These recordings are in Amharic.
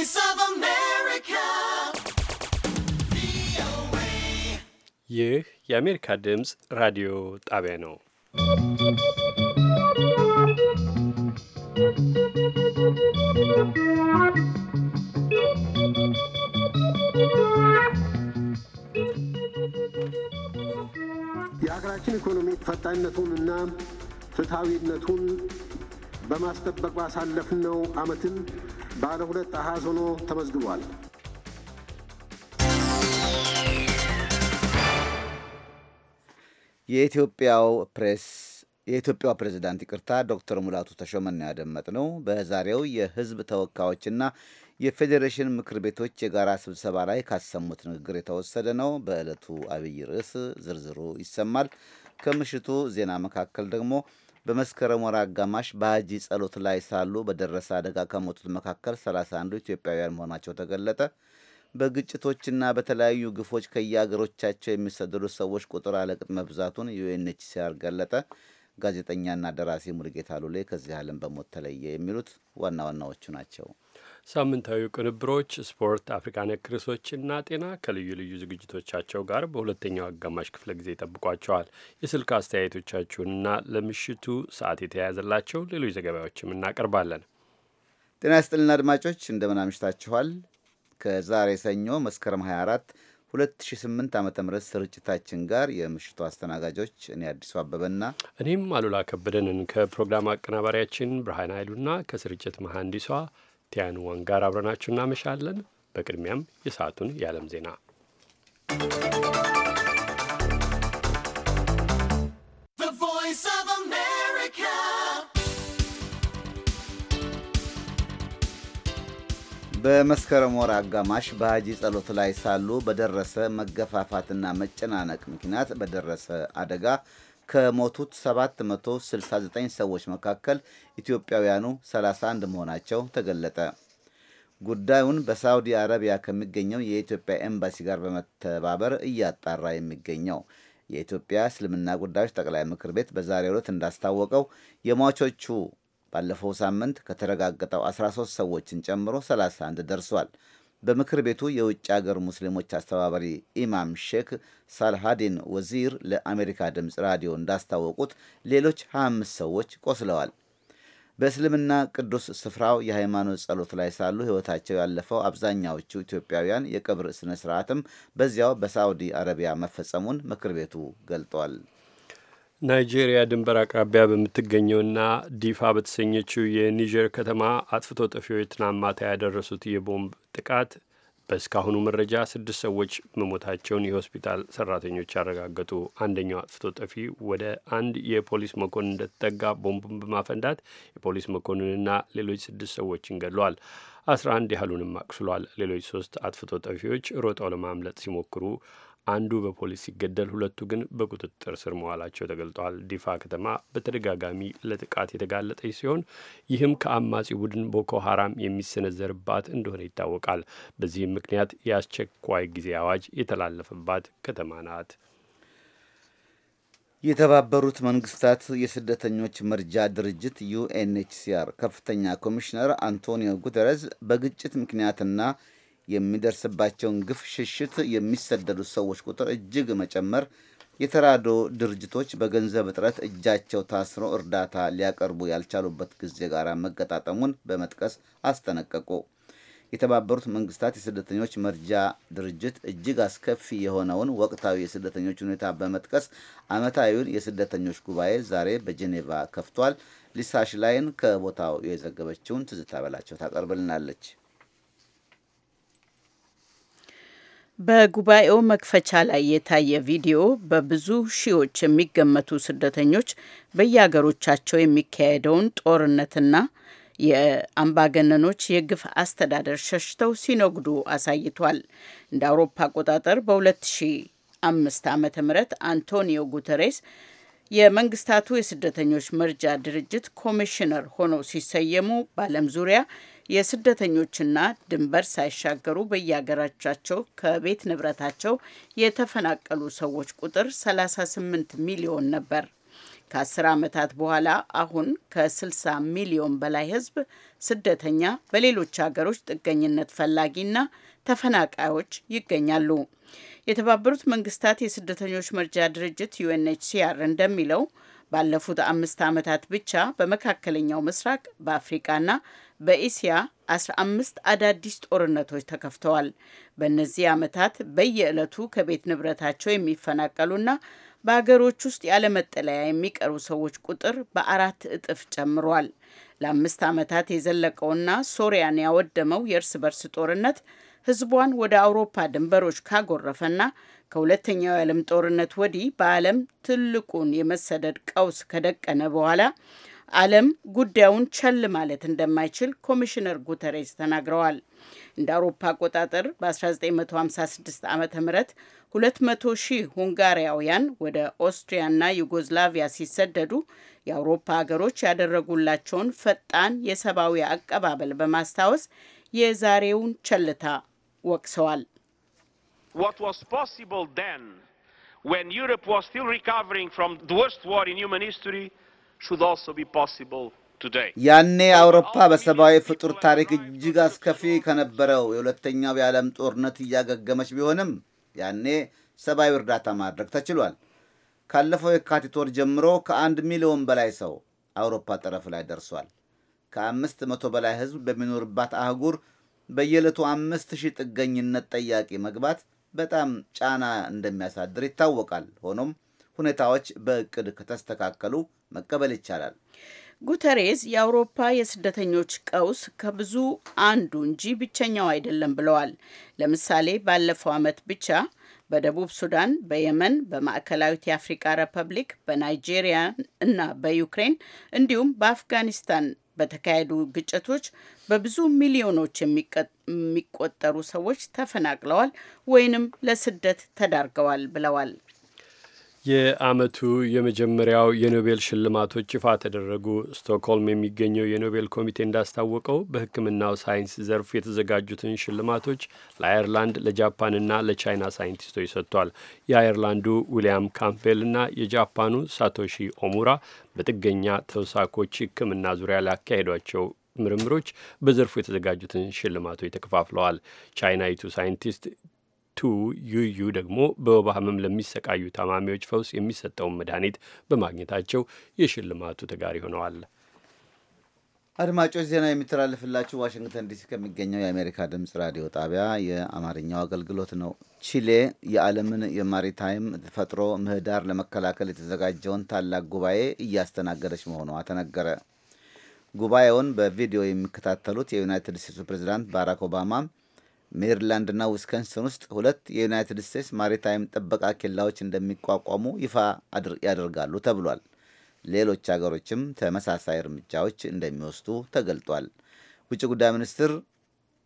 Voice of America. ይህ የአሜሪካ ድምፅ ራዲዮ ጣቢያ ነው። የሀገራችን ኢኮኖሚ እና ፍትሐዊነቱን በማስጠበቅ ባሳለፍነው ዓመትን ባለ ሁለት አሃዝ ሆኖ ተመዝግቧል። የኢትዮጵያው ፕሬስ የኢትዮጵያ ፕሬዝዳንት ይቅርታ ዶክተር ሙላቱ ተሾመን ነው። በዛሬው የሕዝብ ተወካዮችና የፌዴሬሽን ምክር ቤቶች የጋራ ስብሰባ ላይ ካሰሙት ንግግር የተወሰደ ነው። በዕለቱ አብይ ርዕስ ዝርዝሩ ይሰማል። ከምሽቱ ዜና መካከል ደግሞ በመስከረም ወር አጋማሽ በሀጂ ጸሎት ላይ ሳሉ በደረሰ አደጋ ከሞቱት መካከል 31ዱ ኢትዮጵያውያን መሆናቸው ተገለጠ። በግጭቶችና በተለያዩ ግፎች ከየአገሮቻቸው የሚሰደዱ ሰዎች ቁጥር አለቅጥ መብዛቱን ዩኤንኤችሲአር ገለጠ። ጋዜጠኛና ደራሲ ሙልጌታ ሉሌ ከዚህ ዓለም በሞት ተለየ። የሚሉት ዋና ዋናዎቹ ናቸው። ሳምንታዊ ቅንብሮች፣ ስፖርት፣ አፍሪካ ነክ ርዕሶችና ጤና ከልዩ ልዩ ዝግጅቶቻቸው ጋር በሁለተኛው አጋማሽ ክፍለ ጊዜ ይጠብቋቸዋል። የስልክ አስተያየቶቻችሁንና ለምሽቱ ሰዓት የተያያዘላቸው ሌሎች ዘገባዎችም እናቀርባለን። ጤና ስጥልና አድማጮች እንደምን አምሽታችኋል። ከዛሬ ሰኞ መስከረም 24 2008 ዓ ም ስርጭታችን ጋር የምሽቱ አስተናጋጆች እኔ አዲሱ አበበና እኔም አሉላ ከበደንን ከፕሮግራም አቀናባሪያችን ብርሃን ኃይሉና ከስርጭት መሐንዲሷ ቲያኑ ዋን ጋር አብረናችሁ እናመሻለን። በቅድሚያም የሰዓቱን የዓለም ዜና በመስከረም ወር አጋማሽ በሀጂ ጸሎት ላይ ሳሉ በደረሰ መገፋፋትና መጨናነቅ ምክንያት በደረሰ አደጋ ከሞቱት 769 ሰዎች መካከል ኢትዮጵያውያኑ 31 መሆናቸው ተገለጠ። ጉዳዩን በሳውዲ አረቢያ ከሚገኘው የኢትዮጵያ ኤምባሲ ጋር በመተባበር እያጣራ የሚገኘው የኢትዮጵያ እስልምና ጉዳዮች ጠቅላይ ምክር ቤት በዛሬው ዕለት እንዳስታወቀው የሟቾቹ ባለፈው ሳምንት ከተረጋገጠው 13 ሰዎችን ጨምሮ 31 ደርሷል። በምክር ቤቱ የውጭ አገር ሙስሊሞች አስተባባሪ ኢማም ሼክ ሳልሃዲን ወዚር ለአሜሪካ ድምፅ ራዲዮ እንዳስታወቁት ሌሎች 25 ሰዎች ቆስለዋል። በእስልምና ቅዱስ ስፍራው የሃይማኖት ጸሎት ላይ ሳሉ ሕይወታቸው ያለፈው አብዛኛዎቹ ኢትዮጵያውያን የቀብር ስነ ስርዓትም በዚያው በሳዑዲ አረቢያ መፈጸሙን ምክር ቤቱ ገልጧል። ናይጄሪያ ድንበር አቅራቢያ በምትገኘውና ዲፋ በተሰኘችው የኒጀር ከተማ አጥፍቶ ጠፊዎች ትናንት ማታ ያደረሱት የቦምብ ጥቃት በእስካሁኑ መረጃ ስድስት ሰዎች መሞታቸውን የሆስፒታል ሰራተኞች አረጋገጡ። አንደኛው አጥፍቶ ጠፊ ወደ አንድ የፖሊስ መኮንን እንደተጠጋ ቦምቡን በማፈንዳት የፖሊስ መኮንንና ሌሎች ስድስት ሰዎችን ገድሏል። አስራ አንድ ያህሉንም አቁስሏል። ሌሎች ሶስት አጥፍቶ ጠፊዎች ሮጠው ለማምለጥ ሲሞክሩ አንዱ በፖሊስ ሲገደል ሁለቱ ግን በቁጥጥር ስር መዋላቸው ተገልጧል። ዲፋ ከተማ በተደጋጋሚ ለጥቃት የተጋለጠች ሲሆን ይህም ከአማጺ ቡድን ቦኮ ሀራም የሚሰነዘርባት እንደሆነ ይታወቃል። በዚህም ምክንያት የአስቸኳይ ጊዜ አዋጅ የተላለፈባት ከተማ ናት። የተባበሩት መንግስታት የስደተኞች መርጃ ድርጅት ዩኤንኤችሲአር ከፍተኛ ኮሚሽነር አንቶኒዮ ጉተረዝ በግጭት ምክንያትና የሚደርስባቸውን ግፍ ሽሽት የሚሰደዱት ሰዎች ቁጥር እጅግ መጨመር፣ የተራዶ ድርጅቶች በገንዘብ እጥረት እጃቸው ታስሮ እርዳታ ሊያቀርቡ ያልቻሉበት ጊዜ ጋር መገጣጠሙን በመጥቀስ አስጠነቀቁ። የተባበሩት መንግስታት የስደተኞች መርጃ ድርጅት እጅግ አስከፊ የሆነውን ወቅታዊ የስደተኞች ሁኔታ በመጥቀስ ዓመታዊውን የስደተኞች ጉባኤ ዛሬ በጄኔቫ ከፍቷል። ሊሳሽ ላይን ከቦታው የዘገበችውን ትዝታ በላቸው ታቀርብልናለች። በጉባኤው መክፈቻ ላይ የታየ ቪዲዮ በብዙ ሺዎች የሚገመቱ ስደተኞች በየሀገሮቻቸው የሚካሄደውን ጦርነትና የአምባገነኖች የግፍ አስተዳደር ሸሽተው ሲነጉዱ አሳይቷል። እንደ አውሮፓ አቆጣጠር በ2005 ዓ ም አንቶኒዮ ጉተሬስ የመንግስታቱ የስደተኞች መርጃ ድርጅት ኮሚሽነር ሆነው ሲሰየሙ በዓለም ዙሪያ የስደተኞችና ድንበር ሳይሻገሩ በየሀገራቻቸው ከቤት ንብረታቸው የተፈናቀሉ ሰዎች ቁጥር 38 ሚሊዮን ነበር። ከአስር ዓመታት በኋላ አሁን ከ60 ሚሊዮን በላይ ህዝብ ስደተኛ፣ በሌሎች ሀገሮች ጥገኝነት ፈላጊና ተፈናቃዮች ይገኛሉ። የተባበሩት መንግስታት የስደተኞች መርጃ ድርጅት ዩኤንኤችሲአር እንደሚለው ባለፉት አምስት ዓመታት ብቻ በመካከለኛው ምስራቅ በአፍሪቃና በኢስያ 15 አዳዲስ ጦርነቶች ተከፍተዋል። በእነዚህ ዓመታት በየዕለቱ ከቤት ንብረታቸው የሚፈናቀሉና በአገሮች ውስጥ ያለመጠለያ የሚቀሩ ሰዎች ቁጥር በአራት እጥፍ ጨምሯል። ለአምስት ዓመታት የዘለቀውና ሶሪያን ያወደመው የእርስ በርስ ጦርነት ሕዝቧን ወደ አውሮፓ ድንበሮች ካጎረፈና ከሁለተኛው የዓለም ጦርነት ወዲህ በዓለም ትልቁን የመሰደድ ቀውስ ከደቀነ በኋላ ዓለም ጉዳዩን ቸል ማለት እንደማይችል ኮሚሽነር ጉተሬስ ተናግረዋል። እንደ አውሮፓ አቆጣጠር በ1956 ዓ ም 200 ሺህ ሁንጋሪያውያን ወደ ኦስትሪያና ዩጎዝላቪያ ሲሰደዱ የአውሮፓ ሀገሮች ያደረጉላቸውን ፈጣን የሰብአዊ አቀባበል በማስታወስ የዛሬውን ቸልታ ወቅሰዋል። What was possible then when Europe was still recovering ያኔ አውሮፓ በሰብአዊ ፍጡር ታሪክ እጅግ አስከፊ ከነበረው የሁለተኛው የዓለም ጦርነት እያገገመች ቢሆንም ያኔ ሰብአዊ እርዳታ ማድረግ ተችሏል። ካለፈው የካቲት ወር ጀምሮ ከአንድ ሚሊዮን በላይ ሰው አውሮፓ ጠረፍ ላይ ደርሷል። ከአምስት መቶ በላይ ሕዝብ በሚኖርባት አህጉር በየዕለቱ አምስት ሺህ ጥገኝነት ጠያቂ መግባት በጣም ጫና እንደሚያሳድር ይታወቃል። ሆኖም ሁኔታዎች በእቅድ ከተስተካከሉ መቀበል ይቻላል። ጉተሬዝ የአውሮፓ የስደተኞች ቀውስ ከብዙ አንዱ እንጂ ብቸኛው አይደለም ብለዋል። ለምሳሌ ባለፈው ዓመት ብቻ በደቡብ ሱዳን፣ በየመን፣ በማዕከላዊት የአፍሪካ ሪፐብሊክ፣ በናይጄሪያ እና በዩክሬን እንዲሁም በአፍጋኒስታን በተካሄዱ ግጭቶች በብዙ ሚሊዮኖች የሚቆጠሩ ሰዎች ተፈናቅለዋል ወይንም ለስደት ተዳርገዋል ብለዋል። የዓመቱ የመጀመሪያው የኖቤል ሽልማቶች ይፋ ተደረጉ። ስቶክሆልም የሚገኘው የኖቤል ኮሚቴ እንዳስታወቀው በሕክምናው ሳይንስ ዘርፍ የተዘጋጁትን ሽልማቶች ለአየርላንድ፣ ለጃፓንና ለቻይና ሳይንቲስቶች ሰጥቷል። የአየርላንዱ ዊልያም ካምፔልና የጃፓኑ ሳቶሺ ኦሙራ በጥገኛ ተውሳኮች ሕክምና ዙሪያ ላካሄዷቸው ምርምሮች በዘርፉ የተዘጋጁትን ሽልማቶች ተከፋፍለዋል። ቻይናዊቱ ሳይንቲስት ቱ ዩዩ ደግሞ በወባ ህመም ለሚሰቃዩ ታማሚዎች ፈውስ የሚሰጠውን መድኃኒት በማግኘታቸው የሽልማቱ ተጋሪ ሆነዋል። አድማጮች ዜና የሚተላለፍላችሁ ዋሽንግተን ዲሲ ከሚገኘው የአሜሪካ ድምፅ ራዲዮ ጣቢያ የአማርኛው አገልግሎት ነው። ቺሌ የዓለምን የማሪታይም ተፈጥሮ ምህዳር ለመከላከል የተዘጋጀውን ታላቅ ጉባኤ እያስተናገደች መሆኗ ተነገረ። ጉባኤውን በቪዲዮ የሚከታተሉት የዩናይትድ ስቴትስ ፕሬዚዳንት ባራክ ኦባማ ሜሪላንድና ዊስከንሰን ውስጥ ሁለት የዩናይትድ ስቴትስ ማሪታይም ጥበቃ ኬላዎች እንደሚቋቋሙ ይፋ ያደርጋሉ ተብሏል። ሌሎች አገሮችም ተመሳሳይ እርምጃዎች እንደሚወስዱ ተገልጧል። ውጭ ጉዳይ ሚኒስትር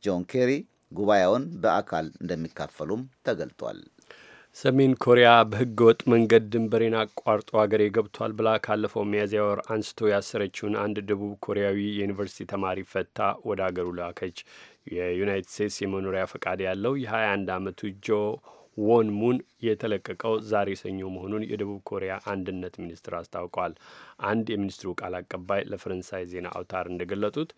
ጆን ኬሪ ጉባኤውን በአካል እንደሚካፈሉም ተገልጧል። ሰሜን ኮሪያ በህገ ወጥ መንገድ ድንበሬን አቋርጦ አገሬ ገብቷል ብላ ካለፈው ሚያዝያ ወር አንስቶ ያሰረችውን አንድ ደቡብ ኮሪያዊ የዩኒቨርሲቲ ተማሪ ፈታ ወደ አገሩ ላከች። የዩናይትድ ስቴትስ የመኖሪያ ፈቃድ ያለው የ21 ዓመቱ ጆ ዎን ሙን የተለቀቀው ዛሬ ሰኞ መሆኑን የደቡብ ኮሪያ አንድነት ሚኒስትር አስታውቋል። አንድ የሚኒስትሩ ቃል አቀባይ ለፈረንሳይ ዜና አውታር እንደገለጡት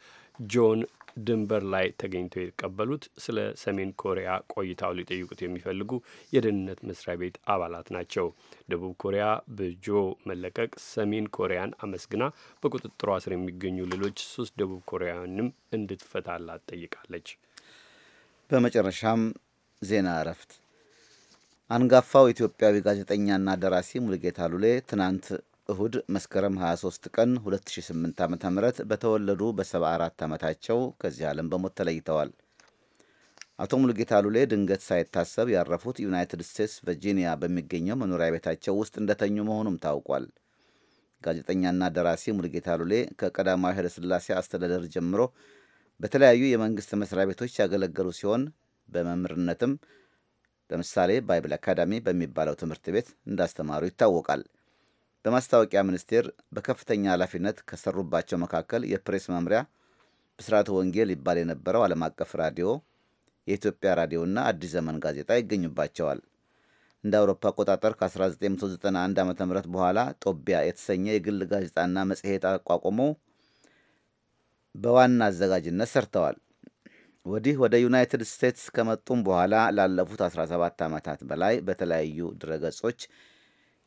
ጆን ድንበር ላይ ተገኝተው የተቀበሉት ስለ ሰሜን ኮሪያ ቆይታው ሊጠይቁት የሚፈልጉ የደህንነት መስሪያ ቤት አባላት ናቸው። ደቡብ ኮሪያ በጆ መለቀቅ ሰሜን ኮሪያን አመስግና በቁጥጥሯ ስር የሚገኙ ሌሎች ሶስት ደቡብ ኮሪያውያንም እንድትፈታላት ጠይቃለች። በመጨረሻም ዜና እረፍት አንጋፋው ኢትዮጵያዊ ጋዜጠኛና ደራሲ ሙልጌታ ሉሌ ትናንት እሁድ መስከረም 23 ቀን 2008 ዓ ም በተወለዱ በ74 ዓመታቸው ከዚህ ዓለም በሞት ተለይተዋል። አቶ ሙሉጌታ ሉሌ ድንገት ሳይታሰብ ያረፉት ዩናይትድ ስቴትስ ቨርጂኒያ በሚገኘው መኖሪያ ቤታቸው ውስጥ እንደተኙ መሆኑም ታውቋል። ጋዜጠኛና ደራሲ ሙሉጌታ ሉሌ ከቀዳማዊ ሥላሴ አስተዳደር ጀምሮ በተለያዩ የመንግሥት መስሪያ ቤቶች ያገለገሉ ሲሆን በመምህርነትም ለምሳሌ ባይብል አካዳሚ በሚባለው ትምህርት ቤት እንዳስተማሩ ይታወቃል። በማስታወቂያ ሚኒስቴር በከፍተኛ ኃላፊነት ከሰሩባቸው መካከል የፕሬስ መምሪያ፣ ብስራተ ወንጌል ይባል የነበረው ዓለም አቀፍ ራዲዮ፣ የኢትዮጵያ ራዲዮና አዲስ ዘመን ጋዜጣ ይገኙባቸዋል። እንደ አውሮፓ አቆጣጠር ከ1991 ዓ ም በኋላ ጦቢያ የተሰኘ የግል ጋዜጣና መጽሔት አቋቁመው በዋና አዘጋጅነት ሰርተዋል። ወዲህ ወደ ዩናይትድ ስቴትስ ከመጡም በኋላ ላለፉት 17 ዓመታት በላይ በተለያዩ ድረገጾች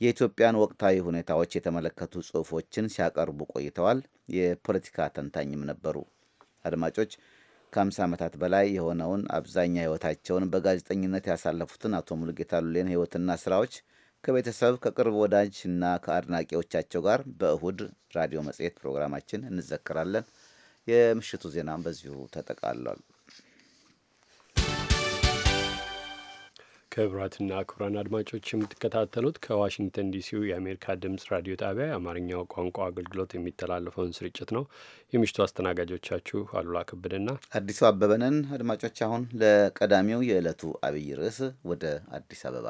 የኢትዮጵያን ወቅታዊ ሁኔታዎች የተመለከቱ ጽሁፎችን ሲያቀርቡ ቆይተዋል። የፖለቲካ ተንታኝም ነበሩ። አድማጮች ከ50 ዓመታት በላይ የሆነውን አብዛኛ ህይወታቸውን በጋዜጠኝነት ያሳለፉትን አቶ ሙሉጌታ ሉሌን ህይወትና ስራዎች ከቤተሰብ ከቅርብ ወዳጅ እና ከአድናቂዎቻቸው ጋር በእሁድ ራዲዮ መጽሔት ፕሮግራማችን እንዘክራለን። የምሽቱ ዜናም በዚሁ ተጠቃሏል። ክቡራትና ክቡራን አድማጮች የምትከታተሉት ከዋሽንግተን ዲሲው የአሜሪካ ድምጽ ራዲዮ ጣቢያ የአማርኛው ቋንቋ አገልግሎት የሚተላለፈውን ስርጭት ነው። የምሽቱ አስተናጋጆቻችሁ አሉላ ክብድና አዲሱ አበበነን። አድማጮች አሁን ለቀዳሚው የዕለቱ አብይ ርዕስ ወደ አዲስ አበባ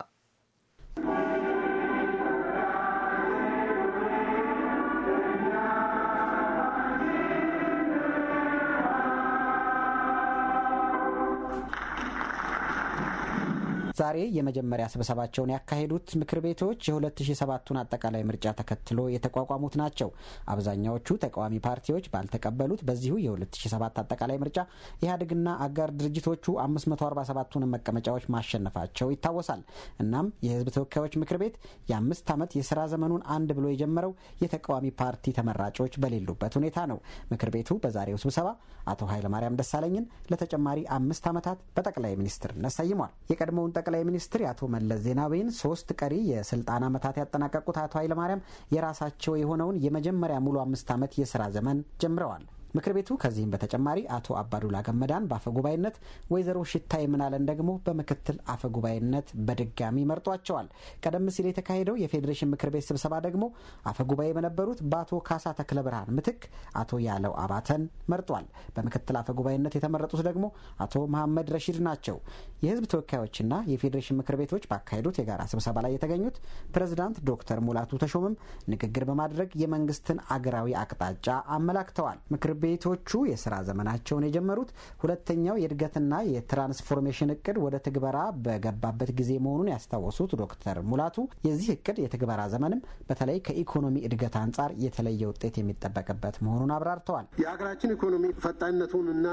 ዛሬ የመጀመሪያ ስብሰባቸውን ያካሄዱት ምክር ቤቶች የ2007ቱን አጠቃላይ ምርጫ ተከትሎ የተቋቋሙት ናቸው። አብዛኛዎቹ ተቃዋሚ ፓርቲዎች ባልተቀበሉት በዚሁ የ2007 አጠቃላይ ምርጫ ኢህአዴግና አጋር ድርጅቶቹ 547 ቱን መቀመጫዎች ማሸነፋቸው ይታወሳል። እናም የህዝብ ተወካዮች ምክር ቤት የአምስት ዓመት የስራ ዘመኑን አንድ ብሎ የጀመረው የተቃዋሚ ፓርቲ ተመራጮች በሌሉበት ሁኔታ ነው። ምክር ቤቱ በዛሬው ስብሰባ አቶ ኃይለማርያም ደሳለኝን ለተጨማሪ አምስት ዓመታት በጠቅላይ ሚኒስትርነት ሰይሟል። የቀድሞውን ጠቅላይ ሚኒስትር የአቶ መለስ ዜናዊን ሶስት ቀሪ የስልጣን ዓመታት ያጠናቀቁት አቶ ኃይለማርያም የራሳቸው የሆነውን የመጀመሪያ ሙሉ አምስት ዓመት የስራ ዘመን ጀምረዋል። ምክር ቤቱ ከዚህም በተጨማሪ አቶ አባዱላ ገመዳን በአፈ ጉባኤነት፣ ወይዘሮ ሽታይ ምናለን ደግሞ በምክትል አፈ ጉባኤነት በድጋሚ መርጧቸዋል። ቀደም ሲል የተካሄደው የፌዴሬሽን ምክር ቤት ስብሰባ ደግሞ አፈ ጉባኤ በነበሩት በአቶ ካሳ ተክለ ብርሃን ምትክ አቶ ያለው አባተን መርጧል። በምክትል አፈ ጉባኤነት የተመረጡት ደግሞ አቶ መሐመድ ረሺድ ናቸው። የህዝብ ተወካዮችና የፌዴሬሽን ምክር ቤቶች ባካሄዱት የጋራ ስብሰባ ላይ የተገኙት ፕሬዝዳንት ዶክተር ሙላቱ ተሾምም ንግግር በማድረግ የመንግስትን አገራዊ አቅጣጫ አመላክተዋል። ቤቶቹ የስራ ዘመናቸውን የጀመሩት ሁለተኛው የእድገትና የትራንስፎርሜሽን እቅድ ወደ ትግበራ በገባበት ጊዜ መሆኑን ያስታወሱት ዶክተር ሙላቱ የዚህ እቅድ የትግበራ ዘመንም በተለይ ከኢኮኖሚ እድገት አንጻር የተለየ ውጤት የሚጠበቅበት መሆኑን አብራርተዋል። የሀገራችን ኢኮኖሚ ፈጣንነቱንና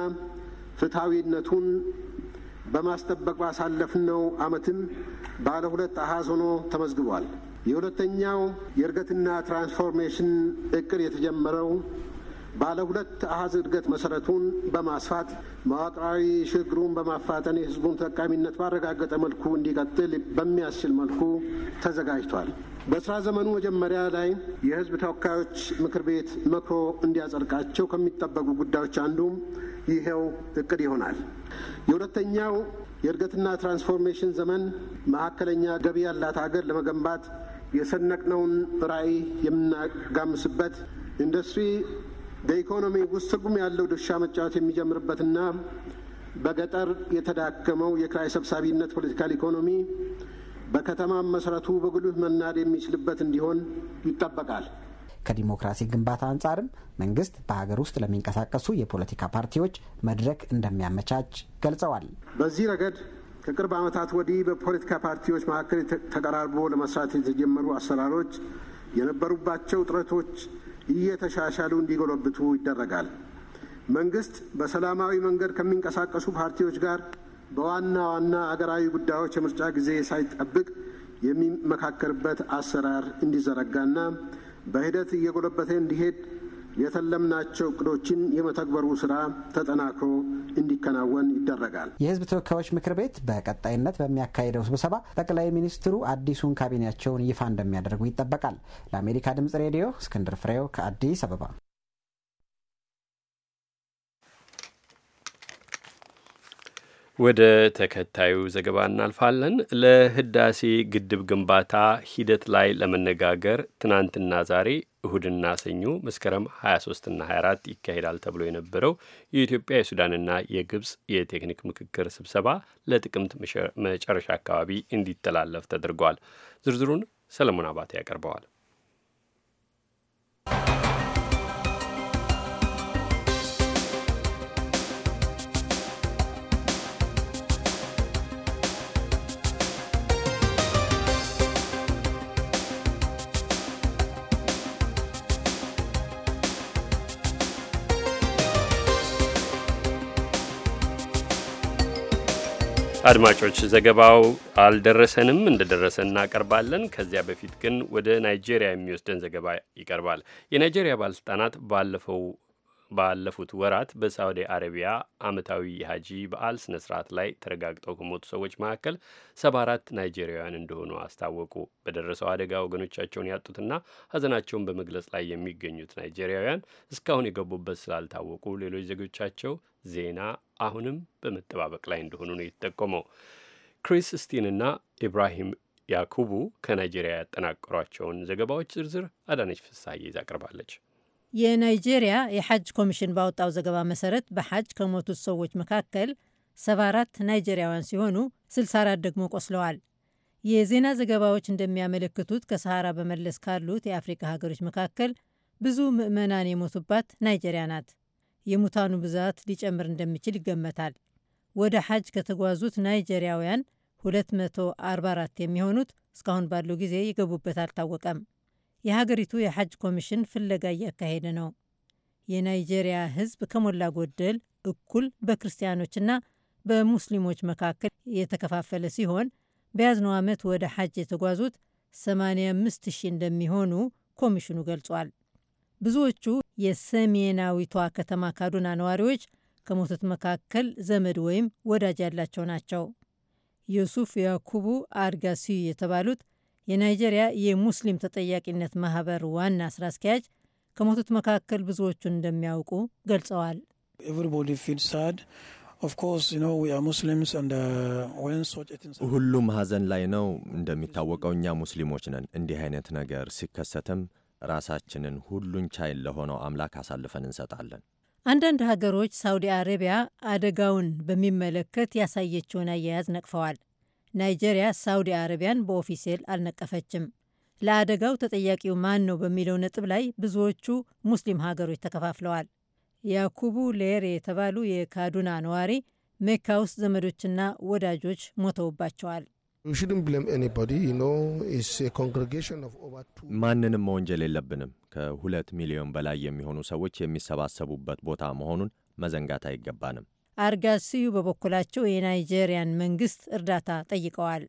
ፍትሐዊነቱን በማስጠበቅ ባሳለፍነው ዓመትም ባለ ሁለት አሃዝ ሆኖ ተመዝግቧል። የሁለተኛው የእድገትና ትራንስፎርሜሽን እቅድ የተጀመረው ባለ ሁለት አሀዝ እድገት መሰረቱን በማስፋት መዋቅራዊ ሽግሩን በማፋጠን የህዝቡን ተጠቃሚነት ባረጋገጠ መልኩ እንዲቀጥል በሚያስችል መልኩ ተዘጋጅቷል። በስራ ዘመኑ መጀመሪያ ላይ የህዝብ ተወካዮች ምክር ቤት መክሮ እንዲያጸድቃቸው ከሚጠበቁ ጉዳዮች አንዱም ይኸው እቅድ ይሆናል። የሁለተኛው የእድገትና ትራንስፎርሜሽን ዘመን መካከለኛ ገቢ ያላት ሀገር ለመገንባት የሰነቅነውን ራዕይ የምናጋምስበት ኢንዱስትሪ በኢኮኖሚ ውስጥ ትርጉም ያለው ድርሻ መጫወት የሚጀምርበትና በገጠር የተዳከመው የክራይ ሰብሳቢነት ፖለቲካል ኢኮኖሚ በከተማ መሰረቱ በጉልህ መናድ የሚችልበት እንዲሆን ይጠበቃል። ከዲሞክራሲ ግንባታ አንጻርም መንግስት በሀገር ውስጥ ለሚንቀሳቀሱ የፖለቲካ ፓርቲዎች መድረክ እንደሚያመቻች ገልጸዋል። በዚህ ረገድ ከቅርብ ዓመታት ወዲህ በፖለቲካ ፓርቲዎች መካከል ተቀራርቦ ለመስራት የተጀመሩ አሰራሮች የነበሩባቸው ጥረቶች እየተሻሻሉ እንዲጎለብቱ ይደረጋል። መንግስት በሰላማዊ መንገድ ከሚንቀሳቀሱ ፓርቲዎች ጋር በዋና ዋና አገራዊ ጉዳዮች የምርጫ ጊዜ ሳይጠብቅ የሚመካከርበት አሰራር እንዲዘረጋና በሂደት እየጎለበተ እንዲሄድ የተለምናቸው እቅዶችን የመተግበሩ ስራ ተጠናክሮ እንዲከናወን ይደረጋል። የህዝብ ተወካዮች ምክር ቤት በቀጣይነት በሚያካሄደው ስብሰባ ጠቅላይ ሚኒስትሩ አዲሱን ካቢኔያቸውን ይፋ እንደሚያደርጉ ይጠበቃል። ለአሜሪካ ድምጽ ሬዲዮ እስክንድር ፍሬው ከአዲስ አበባ። ወደ ተከታዩ ዘገባ እናልፋለን። ለህዳሴ ግድብ ግንባታ ሂደት ላይ ለመነጋገር ትናንትና ዛሬ እሁድና ሰኞ መስከረም 23 እና 24 ይካሄዳል ተብሎ የነበረው የኢትዮጵያ የሱዳንና የግብፅ የቴክኒክ ምክክር ስብሰባ ለጥቅምት መጨረሻ አካባቢ እንዲተላለፍ ተደርጓል። ዝርዝሩን ሰለሞን አባቴ ያቀርበዋል። አድማጮች ዘገባው አልደረሰንም፣ እንደደረሰን እናቀርባለን። ከዚያ በፊት ግን ወደ ናይጄሪያ የሚወስደን ዘገባ ይቀርባል። የናይጄሪያ ባለስልጣናት ባለፈው ባለፉት ወራት በሳዑዲ አረቢያ አመታዊ የሀጂ በዓል ስነ ስርዓት ላይ ተረጋግጠው ከሞቱ ሰዎች መካከል ሰባ አራት ናይጄሪያውያን እንደሆኑ አስታወቁ። በደረሰው አደጋ ወገኖቻቸውን ያጡትና ሀዘናቸውን በመግለጽ ላይ የሚገኙት ናይጄሪያውያን እስካሁን የገቡበት ስላልታወቁ ሌሎች ዜጎቻቸው ዜና አሁንም በመጠባበቅ ላይ እንደሆኑ ነው የተጠቆመው። ክሪስ ስቲንና ኢብራሂም ያኩቡ ከናይጄሪያ ያጠናቀሯቸውን ዘገባዎች ዝርዝር አዳነች ፍሳሐ ይዛ አቅርባለች። የናይጄሪያ የሐጅ ኮሚሽን ባወጣው ዘገባ መሰረት በሐጅ ከሞቱት ሰዎች መካከል 74 ናይጄሪያውያን ሲሆኑ 64 ደግሞ ቆስለዋል። የዜና ዘገባዎች እንደሚያመለክቱት ከሰሃራ በመለስ ካሉት የአፍሪካ ሀገሮች መካከል ብዙ ምዕመናን የሞቱባት ናይጄሪያ ናት። የሙታኑ ብዛት ሊጨምር እንደሚችል ይገመታል። ወደ ሐጅ ከተጓዙት ናይጄሪያውያን 244 የሚሆኑት እስካሁን ባለው ጊዜ የገቡበት አልታወቀም። የሀገሪቱ የሐጅ ኮሚሽን ፍለጋ እያካሄደ ነው። የናይጄሪያ ሕዝብ ከሞላ ጎደል እኩል በክርስቲያኖችና በሙስሊሞች መካከል የተከፋፈለ ሲሆን በያዝነው ዓመት ወደ ሐጅ የተጓዙት 85 ሺህ እንደሚሆኑ ኮሚሽኑ ገልጿል። ብዙዎቹ የሰሜናዊቷ ከተማ ካዱና ነዋሪዎች ከሞቱት መካከል ዘመድ ወይም ወዳጅ ያላቸው ናቸው። ዮሱፍ ያኩቡ አድጋሲዩ የተባሉት የናይጄሪያ የሙስሊም ተጠያቂነት ማህበር ዋና ስራ አስኪያጅ ከሞቱት መካከል ብዙዎቹን እንደሚያውቁ ገልጸዋል። uh, ሁሉም ሀዘን ላይ ነው። እንደሚታወቀው እኛ ሙስሊሞች ነን። እንዲህ አይነት ነገር ሲከሰትም ራሳችንን ሁሉን ቻይ ለሆነው አምላክ አሳልፈን እንሰጣለን። አንዳንድ ሀገሮች ሳውዲ አረቢያ አደጋውን በሚመለከት ያሳየችውን አያያዝ ነቅፈዋል። ናይጄሪያ ሳውዲ አረቢያን በኦፊሴል አልነቀፈችም። ለአደጋው ተጠያቂው ማን ነው በሚለው ነጥብ ላይ ብዙዎቹ ሙስሊም ሀገሮች ተከፋፍለዋል። ያኩቡ ሌር የተባሉ የካዱና ነዋሪ ሜካ ውስጥ ዘመዶችና ወዳጆች ሞተውባቸዋል። ማንንም መወንጀል የለብንም። ከሁለት ሚሊዮን በላይ የሚሆኑ ሰዎች የሚሰባሰቡበት ቦታ መሆኑን መዘንጋት አይገባንም። አርጋሲዩ በበኩላቸው የናይጄሪያን መንግስት እርዳታ ጠይቀዋል።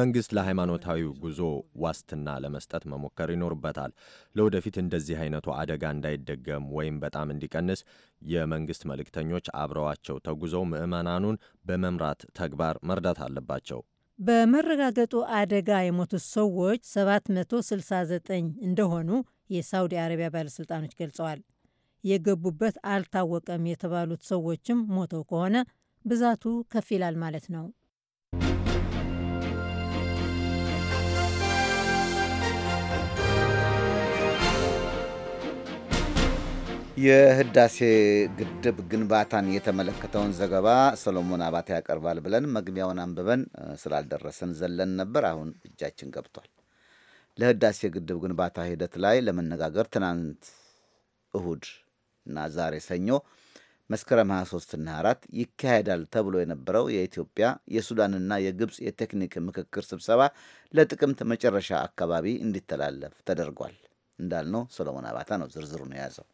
መንግስት ለሃይማኖታዊ ጉዞ ዋስትና ለመስጠት መሞከር ይኖርበታል። ለወደፊት እንደዚህ አይነቱ አደጋ እንዳይደገም ወይም በጣም እንዲቀንስ የመንግስት መልእክተኞች አብረዋቸው ተጉዘው ምዕመናኑን በመምራት ተግባር መርዳት አለባቸው። በመረጋገጡ አደጋ የሞቱት ሰዎች 769 እንደሆኑ የሳውዲ አረቢያ ባለሥልጣኖች ገልጸዋል። የገቡበት አልታወቀም የተባሉት ሰዎችም ሞተው ከሆነ ብዛቱ ከፍ ይላል ማለት ነው። የህዳሴ ግድብ ግንባታን የተመለከተውን ዘገባ ሰሎሞን አባተ ያቀርባል ብለን መግቢያውን አንብበን ስላልደረሰን ዘለን ነበር። አሁን እጃችን ገብቷል። ለህዳሴ ግድብ ግንባታ ሂደት ላይ ለመነጋገር ትናንት እሁድ እና ዛሬ ሰኞ መስከረም 23ና 4 ይካሄዳል ተብሎ የነበረው የኢትዮጵያ የሱዳንና የግብፅ የቴክኒክ ምክክር ስብሰባ ለጥቅምት መጨረሻ አካባቢ እንዲተላለፍ ተደርጓል። እንዳልነው ሰሎሞን አባታ ነው ዝርዝሩን የያዘው።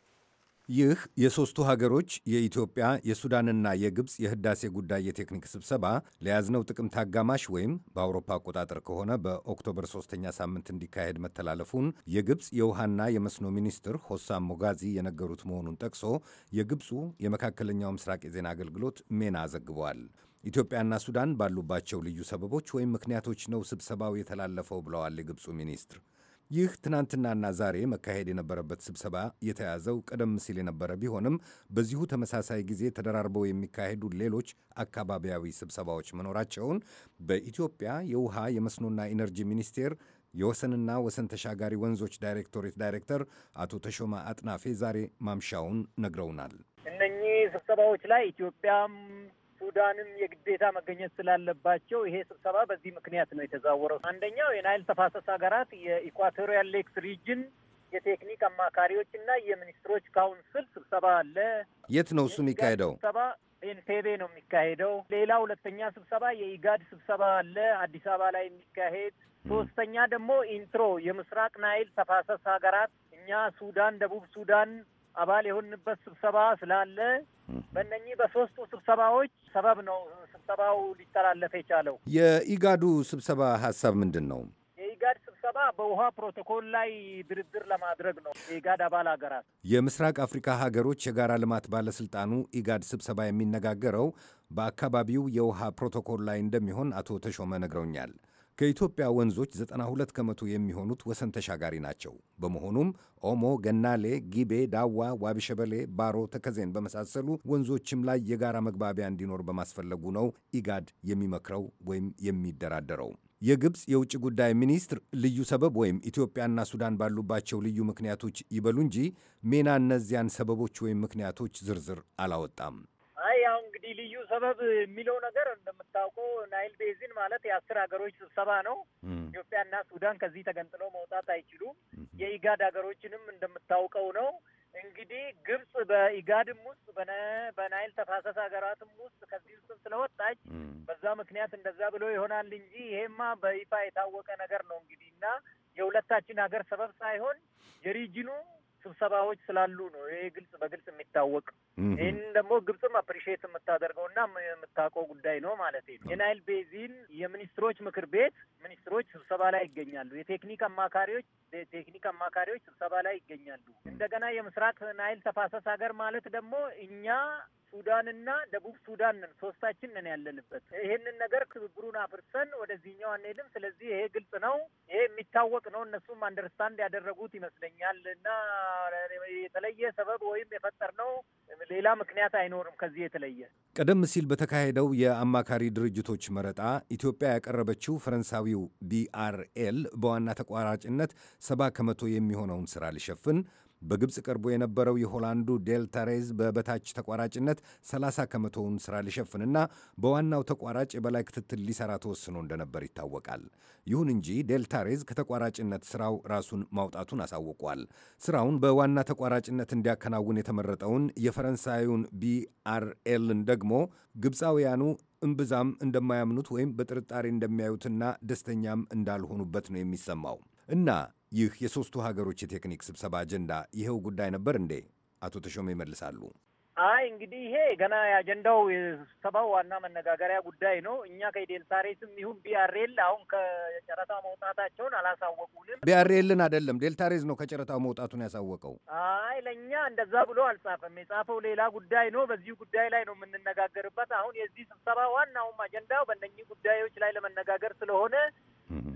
ይህ የሦስቱ ሀገሮች የኢትዮጵያ የሱዳንና የግብፅ የህዳሴ ጉዳይ የቴክኒክ ስብሰባ ለያዝነው ጥቅምት አጋማሽ ወይም በአውሮፓ አቆጣጠር ከሆነ በኦክቶበር ሶስተኛ ሳምንት እንዲካሄድ መተላለፉን የግብፅ የውሃና የመስኖ ሚኒስትር ሆሳም ሞጋዚ የነገሩት መሆኑን ጠቅሶ የግብፁ የመካከለኛው ምስራቅ የዜና አገልግሎት ሜና ዘግቧል። ኢትዮጵያና ሱዳን ባሉባቸው ልዩ ሰበቦች ወይም ምክንያቶች ነው ስብሰባው የተላለፈው ብለዋል የግብፁ ሚኒስትር ይህ ትናንትናና ዛሬ መካሄድ የነበረበት ስብሰባ የተያዘው ቀደም ሲል የነበረ ቢሆንም በዚሁ ተመሳሳይ ጊዜ ተደራርበው የሚካሄዱ ሌሎች አካባቢያዊ ስብሰባዎች መኖራቸውን በኢትዮጵያ የውሃ የመስኖና ኢነርጂ ሚኒስቴር የወሰንና ወሰን ተሻጋሪ ወንዞች ዳይሬክቶሬት ዳይሬክተር አቶ ተሾማ አጥናፌ ዛሬ ማምሻውን ነግረውናል። እነኚህ ስብሰባዎች ላይ ኢትዮጵያም ሱዳንም የግዴታ መገኘት ስላለባቸው ይሄ ስብሰባ በዚህ ምክንያት ነው የተዛወረው። አንደኛው የናይል ተፋሰስ ሀገራት የኢኳቶሪያል ሌክስ ሪጅን የቴክኒክ አማካሪዎች እና የሚኒስትሮች ካውንስል ስብሰባ አለ። የት ነው እሱ የሚካሄደው? ስብሰባ ነው የሚካሄደው። ሌላ ሁለተኛ ስብሰባ የኢጋድ ስብሰባ አለ አዲስ አበባ ላይ የሚካሄድ። ሶስተኛ ደግሞ ኢንትሮ የምስራቅ ናይል ተፋሰስ ሀገራት እኛ ሱዳን፣ ደቡብ ሱዳን አባል የሆንበት ስብሰባ ስላለ በእነኚህ በሶስቱ ስብሰባዎች ሰበብ ነው ስብሰባው ሊተላለፍ የቻለው። የኢጋዱ ስብሰባ ሀሳብ ምንድን ነው? የኢጋድ ስብሰባ በውሃ ፕሮቶኮል ላይ ድርድር ለማድረግ ነው። የኢጋድ አባል ሀገራት የምስራቅ አፍሪካ ሀገሮች የጋራ ልማት ባለስልጣኑ ኢጋድ ስብሰባ የሚነጋገረው በአካባቢው የውሃ ፕሮቶኮል ላይ እንደሚሆን አቶ ተሾመ ነግረውኛል። ከኢትዮጵያ ወንዞች 92 ከመቶ የሚሆኑት ወሰን ተሻጋሪ ናቸው። በመሆኑም ኦሞ፣ ገናሌ፣ ጊቤ፣ ዳዋ፣ ዋቢሸበሌ፣ ባሮ፣ ተከዜን በመሳሰሉ ወንዞችም ላይ የጋራ መግባቢያ እንዲኖር በማስፈለጉ ነው ኢጋድ የሚመክረው ወይም የሚደራደረው። የግብፅ የውጭ ጉዳይ ሚኒስትር ልዩ ሰበብ ወይም ኢትዮጵያና ሱዳን ባሉባቸው ልዩ ምክንያቶች ይበሉ እንጂ ሜና እነዚያን ሰበቦች ወይም ምክንያቶች ዝርዝር አላወጣም። እንግዲህ ልዩ ሰበብ የሚለው ነገር እንደምታውቀው ናይል ቤዚን ማለት የአስር ሀገሮች ስብሰባ ነው። ኢትዮጵያና ሱዳን ከዚህ ተገንጥለው መውጣት አይችሉም። የኢጋድ ሀገሮችንም እንደምታውቀው ነው። እንግዲህ ግብጽ በኢጋድም ውስጥ በናይል ተፋሰስ ሀገራትም ውስጥ ከዚህ ውስጥ ስለወጣች በዛ ምክንያት እንደዛ ብሎ ይሆናል እንጂ ይሄማ በይፋ የታወቀ ነገር ነው እንግዲህ እና የሁለታችን ሀገር ሰበብ ሳይሆን የሪጅኑ ስብሰባዎች ስላሉ ነው ይሄ ግልጽ በግልጽ የሚታወቅ። ይህን ደግሞ ግብጽም አፕሪሺየት የምታደርገው እና የምታውቀው ጉዳይ ነው ማለት ነው። የናይል ቤዚን የሚኒስትሮች ምክር ቤት ሚኒስትሮች ስብሰባ ላይ ይገኛሉ። የቴክኒክ አማካሪዎች የቴክኒክ አማካሪዎች ስብሰባ ላይ ይገኛሉ። እንደገና የምስራቅ ናይል ተፋሰስ ሀገር ማለት ደግሞ እኛ ሱዳንና ደቡብ ሱዳን ነን፣ ሶስታችን ነን ያለንበት። ይሄንን ነገር ትብብሩን አፍርሰን ወደዚህኛው አንሄድም። ስለዚህ ይሄ ግልጽ ነው፣ ይሄ የሚታወቅ ነው። እነሱም አንደርስታንድ ያደረጉት ይመስለኛል። እና የተለየ ሰበብ ወይም የፈጠርነው ሌላ ምክንያት አይኖርም ከዚህ የተለየ። ቀደም ሲል በተካሄደው የአማካሪ ድርጅቶች መረጣ ኢትዮጵያ ያቀረበችው ፈረንሳዊው ቢአርኤል በዋና ተቋራጭነት ሰባ ከመቶ የሚሆነውን ስራ ሊሸፍን በግብፅ ቀርቦ የነበረው የሆላንዱ ዴልታሬዝ በበታች ተቋራጭነት 30 ከመቶውን ስራ ሊሸፍንና በዋናው ተቋራጭ የበላይ ክትትል ሊሰራ ተወስኖ እንደነበር ይታወቃል። ይሁን እንጂ ዴልታሬዝ ከተቋራጭነት ስራው ራሱን ማውጣቱን አሳውቋል። ስራውን በዋና ተቋራጭነት እንዲያከናውን የተመረጠውን የፈረንሳዩን ቢአርኤልን ደግሞ ግብፃውያኑ እምብዛም እንደማያምኑት ወይም በጥርጣሬ እንደሚያዩትና ደስተኛም እንዳልሆኑበት ነው የሚሰማው እና ይህ የሶስቱ ሀገሮች የቴክኒክ ስብሰባ አጀንዳ ይኸው ጉዳይ ነበር እንዴ? አቶ ተሾመ ይመልሳሉ። አይ እንግዲህ ይሄ ገና የአጀንዳው የስብሰባው ዋና መነጋገሪያ ጉዳይ ነው። እኛ ከዴልታሬስም ይሁን ቢአርኤል አሁን ከጨረታ መውጣታቸውን አላሳወቁንም። ቢአርኤልን አይደለም ዴልታሬስ ነው ከጨረታው መውጣቱን ያሳወቀው። አይ ለእኛ እንደዛ ብሎ አልጻፈም። የጻፈው ሌላ ጉዳይ ነው። በዚሁ ጉዳይ ላይ ነው የምንነጋገርበት። አሁን የዚህ ስብሰባ ዋናውም አጀንዳው በእነኚህ ጉዳዮች ላይ ለመነጋገር ስለሆነ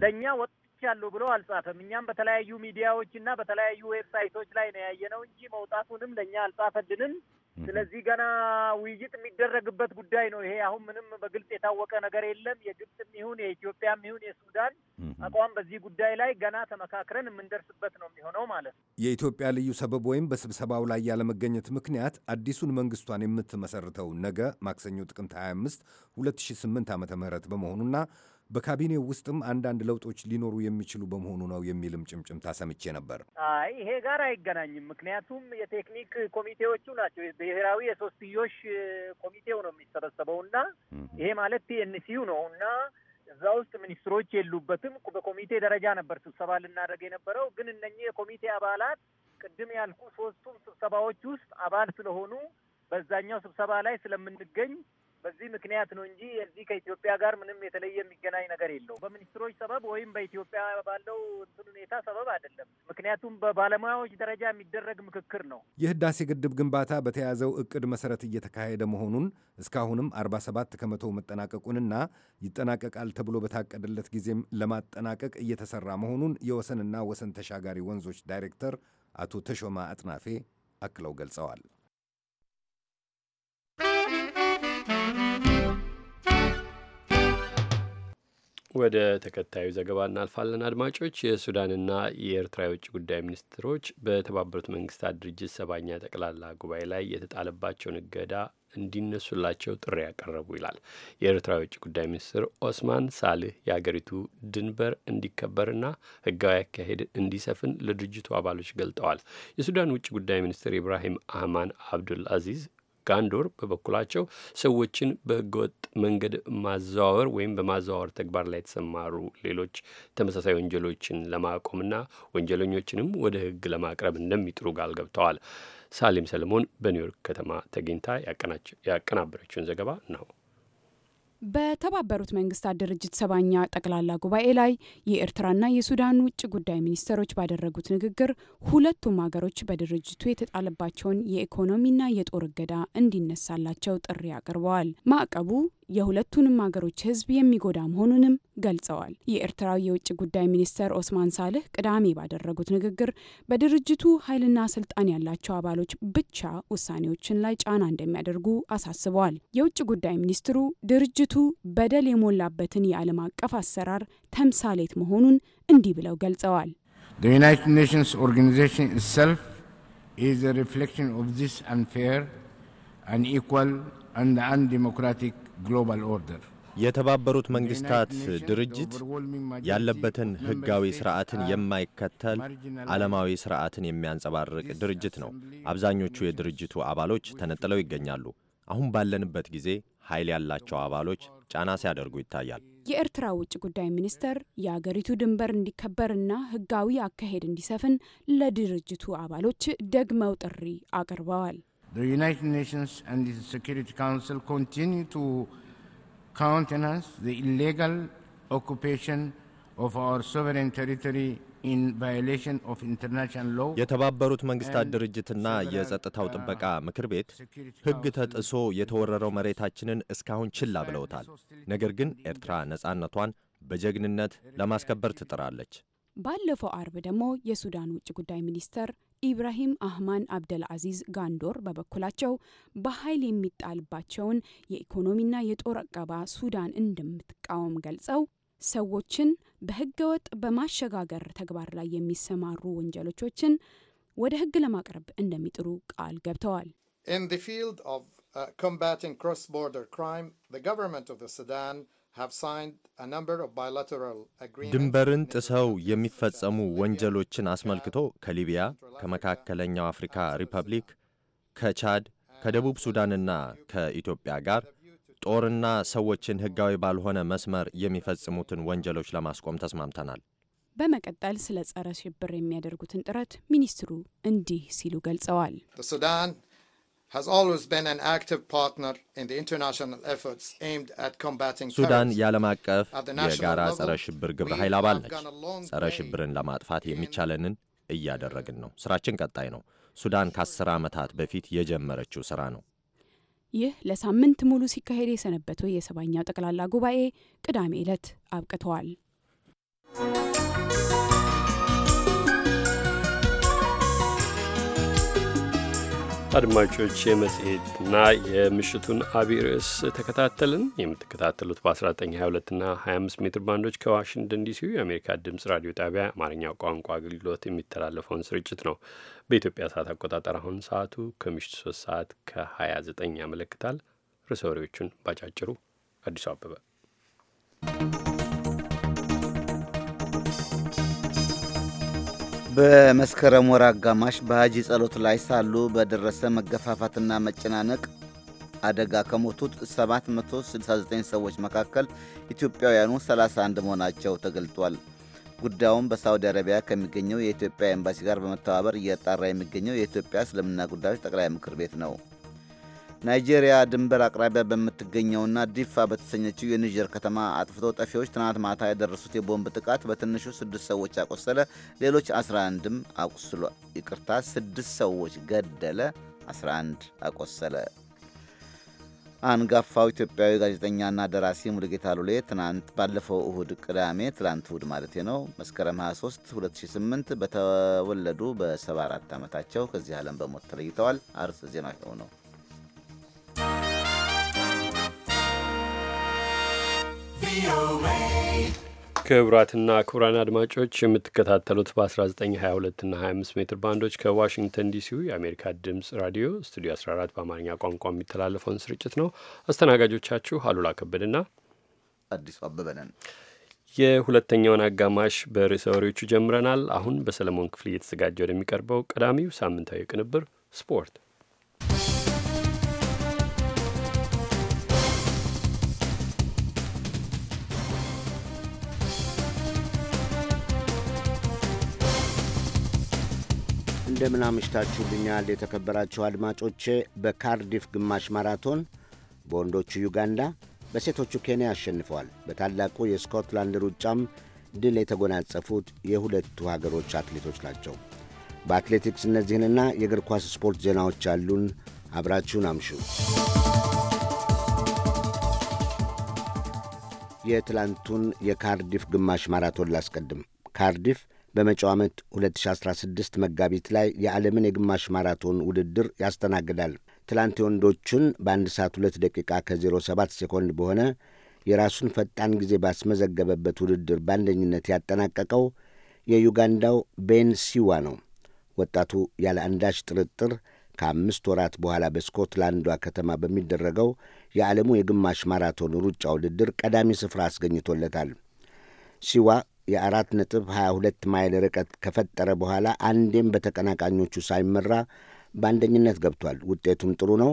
ለእኛ ወጥ ወጥቻለሁ ብሎ አልጻፈም። እኛም በተለያዩ ሚዲያዎች እና በተለያዩ ዌብሳይቶች ላይ ነው ያየነው እንጂ መውጣቱንም ለእኛ አልጻፈልንም። ስለዚህ ገና ውይይት የሚደረግበት ጉዳይ ነው ይሄ። አሁን ምንም በግልጽ የታወቀ ነገር የለም። የግብፅም ይሁን የኢትዮጵያም ይሁን የሱዳን አቋም በዚህ ጉዳይ ላይ ገና ተመካክረን የምንደርስበት ነው የሚሆነው ማለት ነው። የኢትዮጵያ ልዩ ሰበብ ወይም በስብሰባው ላይ ያለመገኘት ምክንያት አዲሱን መንግስቷን የምትመሰርተው ነገ ማክሰኞ ጥቅምት 25 2008 ዓ ም በመሆኑና በካቢኔው ውስጥም አንዳንድ ለውጦች ሊኖሩ የሚችሉ በመሆኑ ነው የሚልም ጭምጭምታ ሰምቼ ነበር። አይ ይሄ ጋር አይገናኝም። ምክንያቱም የቴክኒክ ኮሚቴዎቹ ናቸው። ብሔራዊ የሶስትዮሽ ኮሚቴው ነው የሚሰበሰበው እና ይሄ ማለት ቲኤንሲዩ ነው እና እዛ ውስጥ ሚኒስትሮች የሉበትም። በኮሚቴ ደረጃ ነበር ስብሰባ ልናደርግ የነበረው። ግን እነኚህ የኮሚቴ አባላት ቅድም ያልኩ ሶስቱም ስብሰባዎች ውስጥ አባል ስለሆኑ በዛኛው ስብሰባ ላይ ስለምንገኝ በዚህ ምክንያት ነው እንጂ እዚህ ከኢትዮጵያ ጋር ምንም የተለየ የሚገናኝ ነገር የለው በሚኒስትሮች ሰበብ ወይም በኢትዮጵያ ባለው እንትን ሁኔታ ሰበብ አይደለም። ምክንያቱም በባለሙያዎች ደረጃ የሚደረግ ምክክር ነው። የህዳሴ ግድብ ግንባታ በተያዘው እቅድ መሰረት እየተካሄደ መሆኑን እስካሁንም 47 ከመቶ መጠናቀቁንና ይጠናቀቃል ተብሎ በታቀደለት ጊዜም ለማጠናቀቅ እየተሰራ መሆኑን የወሰንና ወሰን ተሻጋሪ ወንዞች ዳይሬክተር አቶ ተሾማ አጥናፌ አክለው ገልጸዋል። ወደ ተከታዩ ዘገባ እናልፋለን። አድማጮች የሱዳንና የኤርትራ የውጭ ጉዳይ ሚኒስትሮች በተባበሩት መንግስታት ድርጅት ሰባኛ ጠቅላላ ጉባኤ ላይ የተጣለባቸውን እገዳ እንዲነሱላቸው ጥሪ ያቀረቡ ይላል። የኤርትራ የውጭ ጉዳይ ሚኒስትር ኦስማን ሳልህ የአገሪቱ ድንበር እንዲከበርና ህጋዊ አካሄድ እንዲሰፍን ለድርጅቱ አባሎች ገልጠዋል። የሱዳን ውጭ ጉዳይ ሚኒስትር ኢብራሂም አህማን አብዱል አዚዝ ጋንዶር በበኩላቸው ሰዎችን በህገወጥ መንገድ ማዘዋወር ወይም በማዘዋወር ተግባር ላይ የተሰማሩ ሌሎች ተመሳሳይ ወንጀሎችን ለማቆምና ወንጀለኞችንም ወደ ህግ ለማቅረብ እንደሚጥሩ ቃል ገብተዋል። ሳሌም ሰለሞን በኒውዮርክ ከተማ ተገኝታ ያቀናበረችውን ዘገባ ነው። በተባበሩት መንግስታት ድርጅት ሰባኛ ጠቅላላ ጉባኤ ላይ የኤርትራና የሱዳን ውጭ ጉዳይ ሚኒስትሮች ባደረጉት ንግግር ሁለቱም ሀገሮች በድርጅቱ የተጣለባቸውን የኢኮኖሚና የጦር እገዳ እንዲነሳላቸው ጥሪ አቅርበዋል። ማዕቀቡ የሁለቱንም ሀገሮች ህዝብ የሚጎዳ መሆኑንም ገልጸዋል። የኤርትራው የውጭ ጉዳይ ሚኒስተር ኦስማን ሳልህ ቅዳሜ ባደረጉት ንግግር በድርጅቱ ኃይልና ስልጣን ያላቸው አባሎች ብቻ ውሳኔዎችን ላይ ጫና እንደሚያደርጉ አሳስበዋል። የውጭ ጉዳይ ሚኒስትሩ ድርጅቱ ድርጅቱ በደል የሞላበትን የዓለም አቀፍ አሰራር ተምሳሌት መሆኑን እንዲህ ብለው ገልጸዋል። ዩናይትድ ኔሽንስ ኦርጋናይዜሽን ኢትሰልፍ ኢዝ ሪፍሌክሽን ኦፍ ዚስ አንፌር አንድ ግሎባል ኦርደር የተባበሩት መንግስታት ድርጅት ያለበትን ህጋዊ ስርዓትን የማይከተል ዓለማዊ ስርዓትን የሚያንጸባርቅ ድርጅት ነው። አብዛኞቹ የድርጅቱ አባሎች ተነጥለው ይገኛሉ። አሁን ባለንበት ጊዜ ኃይል ያላቸው አባሎች ጫና ሲያደርጉ ይታያል። የኤርትራ ውጭ ጉዳይ ሚኒስተር የአገሪቱ ድንበር እንዲከበርና ሕጋዊ አካሄድ እንዲሰፍን ለድርጅቱ አባሎች ደግመው ጥሪ አቅርበዋል። ዩናይትድ ኔሽንስ ኤንድ ሴኩሪቲ ካውንስል ኮንቲኒው ቱ ኢሌጋል ኦኩፔሽን ኦፍ አወር ሶቨሬን ቴሪቶሪ የተባበሩት መንግስታት ድርጅትና uh, የጸጥታው ጥበቃ uh, ምክር ቤት ሕግ ተጥሶ የተወረረው መሬታችንን እስካሁን ችላ ብለውታል። ነገር ግን ኤርትራ ነጻነቷን በጀግንነት ለማስከበር ትጥራለች። ባለፈው አርብ ደግሞ የሱዳን ውጭ ጉዳይ ሚኒስተር ኢብራሂም አህማን አብደል አዚዝ ጋንዶር በበኩላቸው በኃይል የሚጣልባቸውን የኢኮኖሚና የጦር አቀባ ሱዳን እንደምትቃወም ገልጸው ሰዎችን በህገወጥ በማሸጋገር ተግባር ላይ የሚሰማሩ ወንጀሎችን ወደ ህግ ለማቅረብ እንደሚጥሩ ቃል ገብተዋል። In the field of uh, combating cross-border crime, the government of the Sudan ድንበርን ጥሰው የሚፈጸሙ ወንጀሎችን አስመልክቶ ከሊቢያ፣ ከመካከለኛው አፍሪካ ሪፐብሊክ፣ ከቻድ፣ ከደቡብ ሱዳንና ከኢትዮጵያ ጋር ጦርና ሰዎችን ህጋዊ ባልሆነ መስመር የሚፈጽሙትን ወንጀሎች ለማስቆም ተስማምተናል። በመቀጠል ስለ ጸረ ሽብር የሚያደርጉትን ጥረት ሚኒስትሩ እንዲህ ሲሉ ገልጸዋል። ሱዳን ሱዳን የዓለም አቀፍ የጋራ ጸረ ሽብር ግብረ ኃይል አባል ነች። ጸረ ሽብርን ለማጥፋት የሚቻለንን እያደረግን ነው። ስራችን ቀጣይ ነው። ሱዳን ከአስር ዓመታት በፊት የጀመረችው ስራ ነው። ይህ ለሳምንት ሙሉ ሲካሄድ የሰነበተው የሰባኛው ጠቅላላ ጉባኤ ቅዳሜ ዕለት አብቅተዋል። አድማጮች የመጽሔትና የምሽቱን አቢይ ርዕስ ተከታተልን። የምትከታተሉት በ1922 እና 25 ሜትር ባንዶች ከዋሽንግተን ዲሲ የአሜሪካ ድምፅ ራዲዮ ጣቢያ አማርኛ ቋንቋ አገልግሎት የሚተላለፈውን ስርጭት ነው። በኢትዮጵያ ሰዓት አቆጣጠር አሁን ሰዓቱ ከምሽቱ 3 ሰዓት ከ29 ያመለክታል። ርዕሰ ወሬዎቹን ባጫጭሩ አዲሱ አበበ በመስከረም ወር አጋማሽ በሐጂ ጸሎት ላይ ሳሉ በደረሰ መገፋፋትና መጨናነቅ አደጋ ከሞቱት 769 ሰዎች መካከል ኢትዮጵያውያኑ 31 መሆናቸው ተገልጧል። ጉዳዩም በሳውዲ አረቢያ ከሚገኘው የኢትዮጵያ ኤምባሲ ጋር በመተባበር እያጣራ የሚገኘው የኢትዮጵያ እስልምና ጉዳዮች ጠቅላይ ምክር ቤት ነው። ናይጄሪያ ድንበር አቅራቢያ በምትገኘውና ዲፋ በተሰኘችው የኒጀር ከተማ አጥፍቶ ጠፊዎች ትናንት ማታ የደረሱት የቦምብ ጥቃት በትንሹ ስድስት ሰዎች አቆሰለ፣ ሌሎች 11ም አቁስሎ ይቅርታ፣ ስድስት ሰዎች ገደለ፣ 11 አቆሰለ። አንጋፋው ኢትዮጵያዊ ጋዜጠኛና ደራሲ ሙሉጌታ ሉሌ ትናንት ባለፈው እሁድ ቅዳሜ ትላንት እሁድ ማለት ነው መስከረም 23 2008 በተወለዱ በ74 ዓመታቸው ከዚህ ዓለም በሞት ተለይተዋል። አርዕስተ ዜናው ነው። ክቡራትና ክቡራን አድማጮች የምትከታተሉት በ1922 እና 25 ሜትር ባንዶች ከዋሽንግተን ዲሲው የአሜሪካ ድምፅ ራዲዮ ስቱዲዮ 14 በአማርኛ ቋንቋ የሚተላለፈውን ስርጭት ነው። አስተናጋጆቻችሁ አሉላ ከበድና አዲሱ አበበ ነን። የሁለተኛውን አጋማሽ በርዕሰ ወሬዎቹ ጀምረናል። አሁን በሰለሞን ክፍል እየተዘጋጀ ወደሚቀርበው ቀዳሚው ሳምንታዊ ቅንብር ስፖርት እንደምን አምሽታችሁልኛል የተከበራችሁ አድማጮቼ። በካርዲፍ ግማሽ ማራቶን በወንዶቹ ዩጋንዳ፣ በሴቶቹ ኬንያ አሸንፈዋል። በታላቁ የስኮትላንድ ሩጫም ድል የተጎናጸፉት የሁለቱ ሀገሮች አትሌቶች ናቸው። በአትሌቲክስ እነዚህንና የእግር ኳስ ስፖርት ዜናዎች ያሉን፣ አብራችሁን አምሹ። የትላንቱን የካርዲፍ ግማሽ ማራቶን ላስቀድም። ካርዲፍ በመጪው ዓመት 2016 መጋቢት ላይ የዓለምን የግማሽ ማራቶን ውድድር ያስተናግዳል። ትላንት የወንዶቹን በአንድ ሰዓት 2 ደቂቃ ከ07 ሴኮንድ በሆነ የራሱን ፈጣን ጊዜ ባስመዘገበበት ውድድር በአንደኝነት ያጠናቀቀው የዩጋንዳው ቤን ሲዋ ነው። ወጣቱ ያለ አንዳች ጥርጥር ከአምስት ወራት በኋላ በስኮትላንዷ ከተማ በሚደረገው የዓለሙ የግማሽ ማራቶን ሩጫ ውድድር ቀዳሚ ስፍራ አስገኝቶለታል። ሲዋ የአራት ነጥብ 22 ማይል ርቀት ከፈጠረ በኋላ አንዴም በተቀናቃኞቹ ሳይመራ በአንደኝነት ገብቷል። ውጤቱም ጥሩ ነው።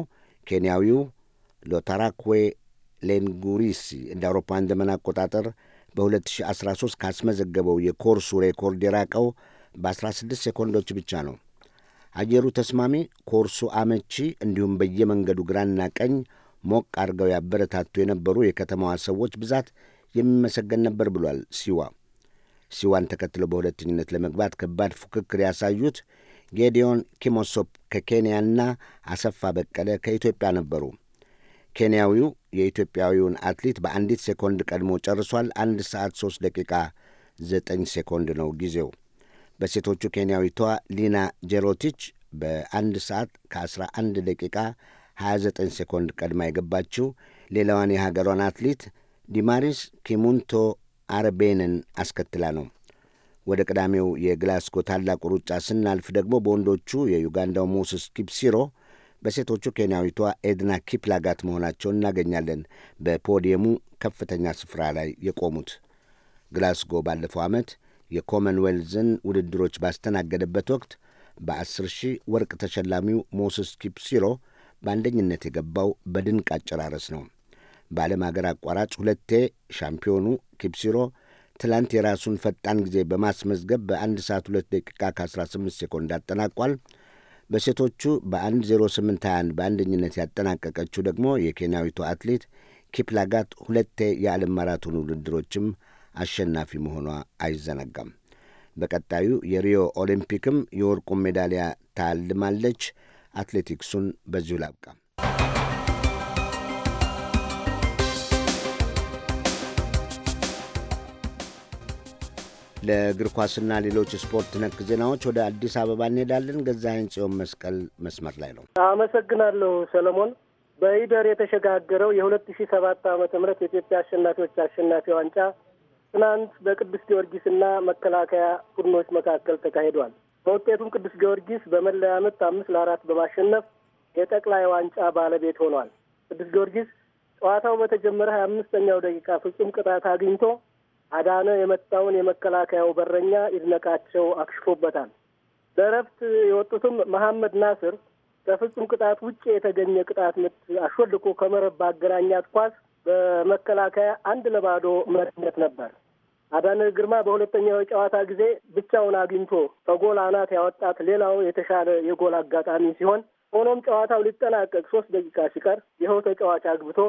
ኬንያዊው ሎታራክዌ ሌንጉሪሲ እንደ አውሮፓውያን ዘመን አቆጣጠር በ2013 ካስመዘገበው የኮርሱ ሬኮርድ የራቀው በ16 ሴኮንዶች ብቻ ነው። አየሩ ተስማሚ፣ ኮርሱ አመቺ፣ እንዲሁም በየመንገዱ ግራና ቀኝ ሞቅ አድርገው ያበረታቱ የነበሩ የከተማዋ ሰዎች ብዛት የሚመሰገን ነበር ብሏል ሲዋ ሲዋን ተከትሎ በሁለተኝነት ለመግባት ከባድ ፉክክር ያሳዩት ጌዲዮን ኪሞሶፕ ከኬንያና አሰፋ በቀለ ከኢትዮጵያ ነበሩ። ኬንያዊው የኢትዮጵያዊውን አትሌት በአንዲት ሴኮንድ ቀድሞ ጨርሷል። አንድ ሰዓት 3 ደቂቃ 9 ሴኮንድ ነው ጊዜው። በሴቶቹ ኬንያዊቷ ሊና ጄሮቲች በአንድ ሰዓት ከ11 ደቂቃ 29 ሴኮንድ ቀድማ የገባችው ሌላዋን የሀገሯን አትሌት ዲማሪስ ኪሙንቶ አርቤንን አስከትላ ነው። ወደ ቅዳሜው የግላስጎ ታላቁ ሩጫ ስናልፍ ደግሞ በወንዶቹ የዩጋንዳው ሞስስ ኪፕሲሮ፣ በሴቶቹ ኬንያዊቷ ኤድና ኪፕላጋት መሆናቸውን እናገኛለን በፖዲየሙ ከፍተኛ ስፍራ ላይ የቆሙት። ግላስጎ ባለፈው ዓመት የኮመንዌልዝን ውድድሮች ባስተናገደበት ወቅት በ10 ሺህ ወርቅ ተሸላሚው ሞስስ ኪፕሲሮ በአንደኝነት የገባው በድንቅ አጨራረስ ነው። በዓለም አገር አቋራጭ ሁለቴ ሻምፒዮኑ ኪፕሲሮ ትላንት የራሱን ፈጣን ጊዜ በማስመዝገብ በ1 ሰዓት 2 ደቂቃ ከ18 ሴኮንድ አጠናቋል። በሴቶቹ በ1 0821 በአንደኝነት ያጠናቀቀችው ደግሞ የኬንያዊቱ አትሌት ኪፕላጋት ሁለቴ የዓለም ማራቶን ውድድሮችም አሸናፊ መሆኗ አይዘነጋም። በቀጣዩ የሪዮ ኦሊምፒክም የወርቁን ሜዳሊያ ታልማለች። አትሌቲክሱን በዚሁ ላብቃ። ለእግር ኳስና ሌሎች ስፖርት ነክ ዜናዎች ወደ አዲስ አበባ እንሄዳለን። ገዛኸኝ ጽዮን መስቀል መስመር ላይ ነው። አመሰግናለሁ ሰለሞን። በኢደር የተሸጋገረው የሁለት ሺ ሰባት ዓመተ ምህረት የኢትዮጵያ አሸናፊዎች አሸናፊ ዋንጫ ትናንት በቅዱስ ጊዮርጊስና መከላከያ ቡድኖች መካከል ተካሂዷል። በውጤቱም ቅዱስ ጊዮርጊስ በመለያ ምት አምስት ለአራት በማሸነፍ የጠቅላይ ዋንጫ ባለቤት ሆኗል። ቅዱስ ጊዮርጊስ ጨዋታው በተጀመረ ሀያ አምስተኛው ደቂቃ ፍጹም ቅጣት አግኝቶ አዳነ የመጣውን የመከላከያው በረኛ ይድነቃቸው አክሽፎበታል። በረፍት የወጡትም መሐመድ ናስር ከፍጹም ቅጣት ውጭ የተገኘ ቅጣት ምት አሾልኮ ከመረብ ባገናኛት ኳስ በመከላከያ አንድ ለባዶ መሪነት ነበር። አዳነ ግርማ በሁለተኛው የጨዋታ ጊዜ ብቻውን አግኝቶ በጎል አናት ያወጣት ሌላው የተሻለ የጎል አጋጣሚ ሲሆን ሆኖም ጨዋታው ሊጠናቀቅ ሶስት ደቂቃ ሲቀር ይኸው ተጫዋች አግብቶ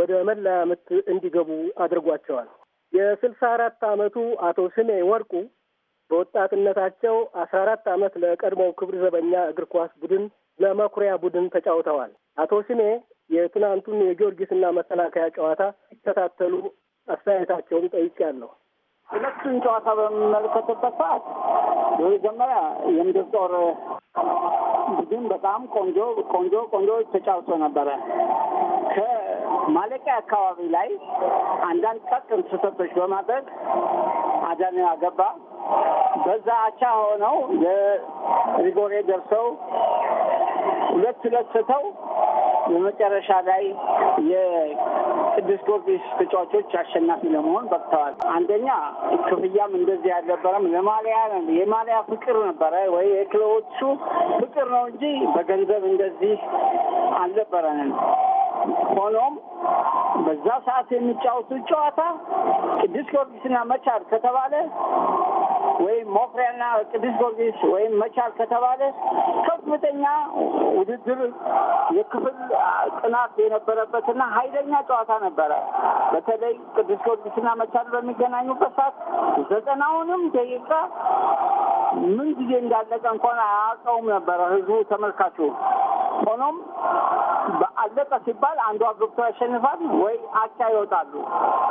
ወደ መለያ ምት እንዲገቡ አድርጓቸዋል። የስልሳ አራት ዓመቱ አቶ ስሜ ወርቁ በወጣትነታቸው አስራ አራት ዓመት ለቀድሞው ክብር ዘበኛ እግር ኳስ ቡድን ለመኩሪያ ቡድን ተጫውተዋል። አቶ ስሜ የትናንቱን የጊዮርጊስና መከላከያ ጨዋታ ሲከታተሉ አስተያየታቸውን ጠይቄያለሁ። ሁለቱን ጨዋታ በምመለከትበት ሰዓት በመጀመሪያ የምድር ጦር ቡድን በጣም ቆንጆ ቆንጆ ቆንጆ ተጫውቶ ነበረ። ማለቂያ አካባቢ ላይ አንዳንድ ጥቃቅን ስህተቶች በማድረግ አዳን አገባ በዛ አቻ ሆነው የሪጎሬ ደርሰው ሁለት ሁለት ስተው በመጨረሻ ላይ የቅዱስ ጊዮርጊስ ተጫዋቾች አሸናፊ ለመሆን በቅተዋል። አንደኛ ክፍያም እንደዚህ ያልነበረም ለማሊያ የማሊያ ፍቅር ነበረ ወይ የክለቦቹ ፍቅር ነው እንጂ በገንዘብ እንደዚህ አልነበረንም። ሆኖም በዛ ሰዓት የሚጫወቱት ጨዋታ ቅዱስ ጊዮርጊስና መቻል ከተባለ ወይም ሞክሪያና ቅዱስ ጊዮርጊስ ወይም መቻል ከተባለ ከፍተኛ ውድድር የክፍል ጥናት የነበረበትና ኃይለኛ ጨዋታ ነበረ። በተለይ ቅዱስ ጊዮርጊስና መቻል በሚገናኙበት ሰዓት ዘጠናውንም ደቂቃ ምን ጊዜ እንዳለቀ እንኳን አያውቀውም ነበረ ህዝቡ ተመልካቹ። ሆኖም አለቀ ሲባል አንዱ ገብቶ ያሸንፋል ወይ አቻ ይወጣሉ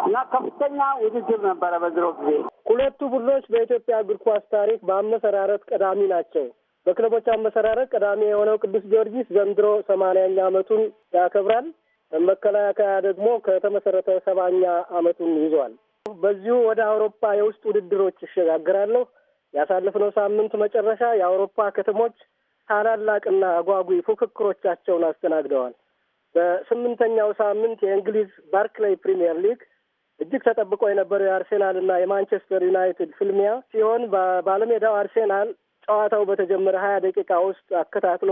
እና ከፍተኛ ውድድር ነበረ በድሮ ጊዜ። ሁለቱ ቡድኖች በኢትዮጵያ እግር ኳስ ታሪክ በአመሰራረት ቀዳሚ ናቸው። በክለቦች አመሰራረት ቀዳሚ የሆነው ቅዱስ ጊዮርጊስ ዘንድሮ ሰማንያኛ ዓመቱን ያከብራል። መከላከያ ደግሞ ከተመሰረተ ሰባኛ ዓመቱን ይዟል። በዚሁ ወደ አውሮፓ የውስጥ ውድድሮች ይሸጋግራለሁ። ያሳለፍነው ሳምንት መጨረሻ የአውሮፓ ከተሞች ታላላቅና አጓጊ ፉክክሮቻቸውን አስተናግደዋል። በስምንተኛው ሳምንት የእንግሊዝ ባርክላይ ፕሪምየር ሊግ እጅግ ተጠብቆ የነበረው የአርሴናልና የማንቸስተር ዩናይትድ ፍልሚያ ሲሆን ባለሜዳው አርሴናል ጨዋታው በተጀመረ ሀያ ደቂቃ ውስጥ አከታትሎ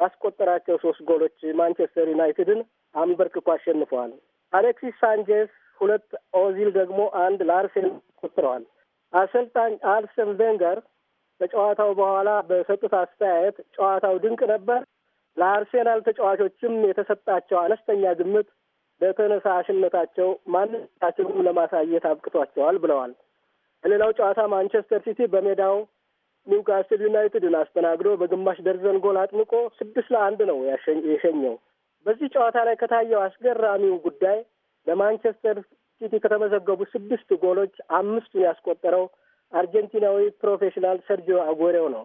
ባስቆጠራቸው ሶስት ጎሎች ማንቸስተር ዩናይትድን አንበርክኮ አሸንፈዋል። አሌክሲስ ሳንቼዝ ሁለት፣ ኦዚል ደግሞ አንድ ለአርሴናል ቆጥረዋል። አሰልጣኝ አርሰን ቬንገር ከጨዋታው በኋላ በሰጡት አስተያየት ጨዋታው ድንቅ ነበር፣ ለአርሴናል ተጫዋቾችም የተሰጣቸው አነስተኛ ግምት በተነሳሽነታቸው ማንነታቸውንም ለማሳየት አብቅቷቸዋል ብለዋል። በሌላው ጨዋታ ማንቸስተር ሲቲ በሜዳው ኒውካስትል ዩናይትድን አስተናግዶ በግማሽ ደርዘን ጎል አጥምቆ ስድስት ለአንድ ነው የሸኘው። በዚህ ጨዋታ ላይ ከታየው አስገራሚው ጉዳይ ለማንቸስተር ሲቲ ከተመዘገቡ ስድስት ጎሎች አምስቱን ያስቆጠረው አርጀንቲናዊ ፕሮፌሽናል ሰርጂዮ አጎሬው ነው።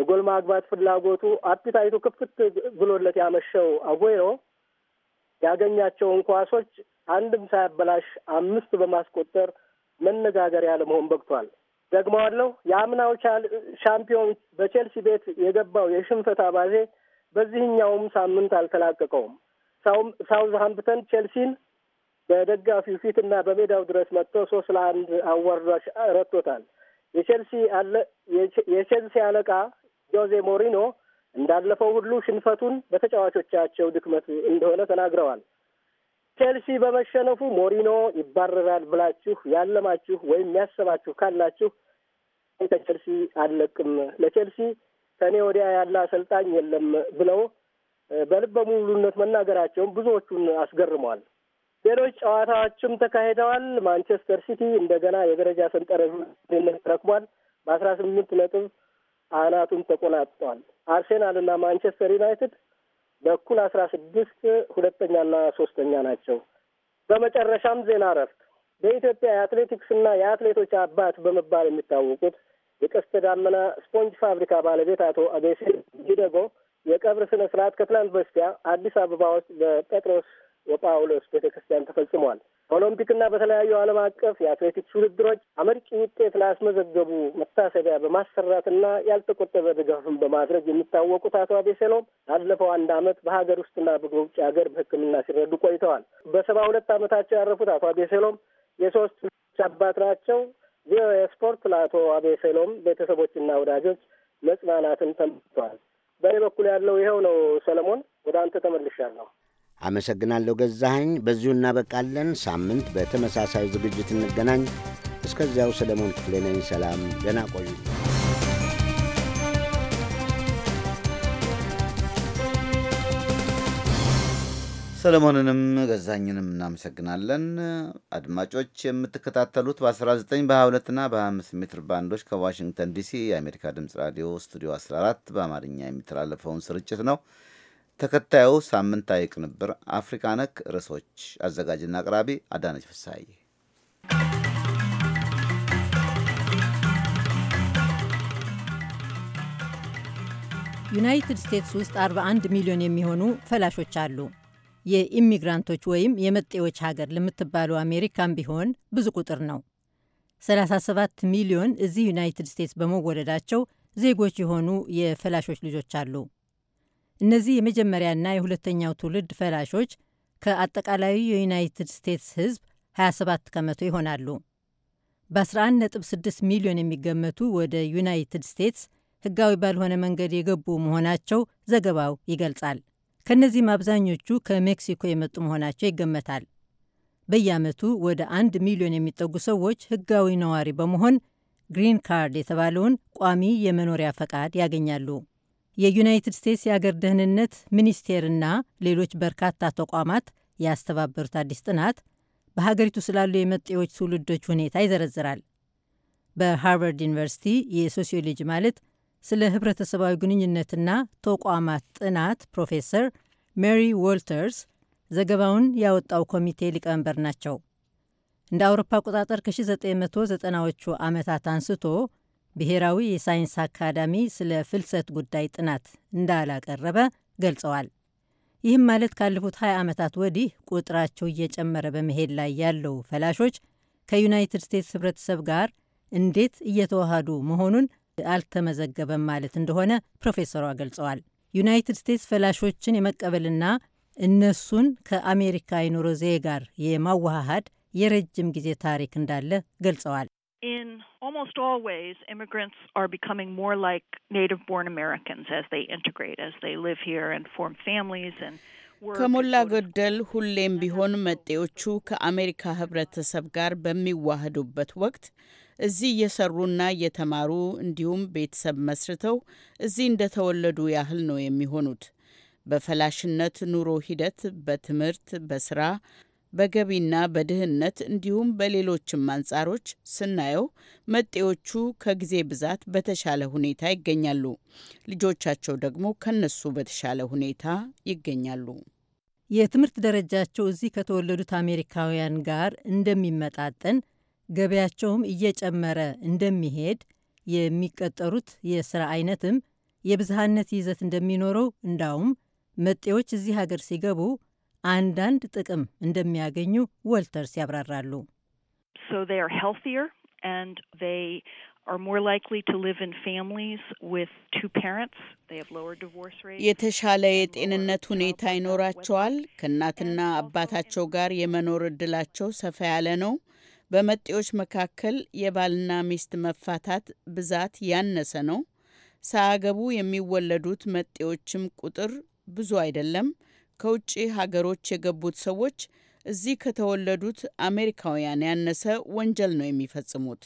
የጎል ማግባት ፍላጎቱ አፒታይቱ ክፍት ብሎለት ያመሸው አጎሮ ያገኛቸውን ኳሶች አንድም ሳያበላሽ አምስት በማስቆጠር መነጋገሪያ ለመሆን በቅቷል። ደግመዋለሁ። የአምናው ሻምፒዮን በቼልሲ ቤት የገባው የሽንፈት አባዜ በዚህኛውም ሳምንት አልተላቀቀውም። ሳውዝሃምፕተን ቼልሲን በደጋፊው ፊትና በሜዳው ድረስ መጥቶ ሶስት ለአንድ አዋርዶ ረቶታል። የቼልሲ አለ የቼልሲ አለቃ ጆዜ ሞሪኖ እንዳለፈው ሁሉ ሽንፈቱን በተጫዋቾቻቸው ድክመት እንደሆነ ተናግረዋል። ቼልሲ በመሸነፉ ሞሪኖ ይባረራል ብላችሁ ያለማችሁ ወይም ያሰባችሁ ካላችሁ ከቼልሲ አለቅም፣ ለቼልሲ ከኔ ወዲያ ያለ አሰልጣኝ የለም ብለው በልበ ሙሉነት መናገራቸውን ብዙዎቹን አስገርመዋል። ሌሎች ጨዋታዎችም ተካሂደዋል። ማንቸስተር ሲቲ እንደገና የደረጃ ሰንጠረዡ ተረክቧል። በአስራ ስምንት ነጥብ አናቱን ተቆናጥጧል። አርሴናል እና ማንቸስተር ዩናይትድ በኩል አስራ ስድስት ሁለተኛና ሶስተኛ ናቸው። በመጨረሻም ዜና እረፍት በኢትዮጵያ የአትሌቲክስ እና የአትሌቶች አባት በመባል የሚታወቁት የቀስተ ዳመና ስፖንጅ ፋብሪካ ባለቤት አቶ አቤሴ ጂደጎ የቀብር ስነ ስርዓት ከትላንት በስቲያ አዲስ አበባ ውስጥ በጴጥሮስ የጳውሎስ ቤተ ክርስቲያን ተፈጽሟል። በኦሎምፒክና በተለያዩ ዓለም አቀፍ የአትሌቲክስ ውድድሮች አመርቂ ውጤት ላስመዘገቡ መታሰቢያ በማሰራትና ያልተቆጠበ ድጋፍን በማድረግ የሚታወቁት አቶ አቤሴሎም ላለፈው አንድ ዓመት በሀገር ውስጥና በውጭ ሀገር በሕክምና ሲረዱ ቆይተዋል። በሰባ ሁለት ዓመታቸው ያረፉት አቶ አቤሴሎም የሶስት ልጆች አባት ናቸው። ቪኦኤ ስፖርት ለአቶ አቤሴሎም ቤተሰቦችና ወዳጆች መጽናናትን ተመኝቷል። በእኔ በኩል ያለው ይኸው ነው። ሰለሞን፣ ወደ አንተ ተመልሻለሁ። አመሰግናለሁ ገዛኸኝ። በዚሁ እናበቃለን። ሳምንት በተመሳሳይ ዝግጅት እንገናኝ። እስከዚያው ሰለሞን ክፍሌ ነኝ። ሰላም፣ ደህና ቆዩ። ሰለሞንንም ገዛኝንም እናመሰግናለን። አድማጮች የምትከታተሉት በ19 በ22ና በ25 ሜትር ባንዶች ከዋሽንግተን ዲሲ የአሜሪካ ድምፅ ራዲዮ ስቱዲዮ 14 በአማርኛ የሚተላለፈውን ስርጭት ነው። ተከታዩ ሳምንታዊ ቅንብር አፍሪካ ነክ ርዕሶች አዘጋጅና አቅራቢ አዳነች ፍሳሐዬ። ዩናይትድ ስቴትስ ውስጥ 41 ሚሊዮን የሚሆኑ ፈላሾች አሉ። የኢሚግራንቶች ወይም የመጤዎች ሀገር ለምትባለው አሜሪካም ቢሆን ብዙ ቁጥር ነው። 37 ሚሊዮን እዚህ ዩናይትድ ስቴትስ በመወለዳቸው ዜጎች የሆኑ የፈላሾች ልጆች አሉ። እነዚህ የመጀመሪያና የሁለተኛው ትውልድ ፈላሾች ከአጠቃላዩ የዩናይትድ ስቴትስ ሕዝብ 27 ከመቶ ይሆናሉ። በ11.6 ሚሊዮን የሚገመቱ ወደ ዩናይትድ ስቴትስ ሕጋዊ ባልሆነ መንገድ የገቡ መሆናቸው ዘገባው ይገልጻል። ከእነዚህም አብዛኞቹ ከሜክሲኮ የመጡ መሆናቸው ይገመታል። በየዓመቱ ወደ አንድ ሚሊዮን የሚጠጉ ሰዎች ሕጋዊ ነዋሪ በመሆን ግሪን ካርድ የተባለውን ቋሚ የመኖሪያ ፈቃድ ያገኛሉ። የዩናይትድ ስቴትስ የአገር ደህንነት ሚኒስቴርና ሌሎች በርካታ ተቋማት ያስተባበሩት አዲስ ጥናት በሀገሪቱ ስላሉ የመጤዎች ትውልዶች ሁኔታ ይዘረዝራል። በሃርቫርድ ዩኒቨርሲቲ የሶሲዮሎጂ ማለት ስለ ህብረተሰባዊ ግንኙነትና ተቋማት ጥናት ፕሮፌሰር ሜሪ ዎልተርስ ዘገባውን ያወጣው ኮሚቴ ሊቀመንበር ናቸው። እንደ አውሮፓ አቆጣጠር ከ1990ዎቹ ዓመታት አንስቶ ብሔራዊ የሳይንስ አካዳሚ ስለ ፍልሰት ጉዳይ ጥናት እንዳላቀረበ ገልጸዋል። ይህም ማለት ካለፉት 20 ዓመታት ወዲህ ቁጥራቸው እየጨመረ በመሄድ ላይ ያለው ፈላሾች ከዩናይትድ ስቴትስ ህብረተሰብ ጋር እንዴት እየተዋሃዱ መሆኑን አልተመዘገበም ማለት እንደሆነ ፕሮፌሰሯ ገልጸዋል። ዩናይትድ ስቴትስ ፈላሾችን የመቀበልና እነሱን ከአሜሪካ የኑሮ ዘዬ ጋር የማዋሃድ የረጅም ጊዜ ታሪክ እንዳለ ገልጸዋል። in almost all ways, immigrants are becoming more like native born Americans as they integrate, as they live here and form families and ከሞላ ጎደል ሁሌም ቢሆን መጤዎቹ ከአሜሪካ ህብረተሰብ ጋር በሚዋህዱበት ወቅት እዚህ እየሰሩና እየተማሩ እንዲሁም ቤተሰብ መስርተው እዚህ እንደተወለዱ ያህል ነው የሚሆኑት። በፈላሽነት ኑሮ ሂደት በትምህርት፣ በስራ፣ በገቢና በድህነት እንዲሁም በሌሎችም አንጻሮች ስናየው መጤዎቹ ከጊዜ ብዛት በተሻለ ሁኔታ ይገኛሉ። ልጆቻቸው ደግሞ ከነሱ በተሻለ ሁኔታ ይገኛሉ። የትምህርት ደረጃቸው እዚህ ከተወለዱት አሜሪካውያን ጋር እንደሚመጣጠን፣ ገበያቸውም እየጨመረ እንደሚሄድ፣ የሚቀጠሩት የስራ አይነትም የብዝሃነት ይዘት እንደሚኖረው፣ እንዳውም መጤዎች እዚህ ሀገር ሲገቡ አንዳንድ ጥቅም እንደሚያገኙ ወልተርስ ያብራራሉ። የተሻለ የጤንነት ሁኔታ ይኖራቸዋል። ከእናትና አባታቸው ጋር የመኖር እድላቸው ሰፋ ያለ ነው። በመጤዎች መካከል የባልና ሚስት መፋታት ብዛት ያነሰ ነው። ሳያገቡ የሚወለዱት መጤዎችም ቁጥር ብዙ አይደለም። ከውጭ ሀገሮች የገቡት ሰዎች እዚህ ከተወለዱት አሜሪካውያን ያነሰ ወንጀል ነው የሚፈጽሙት።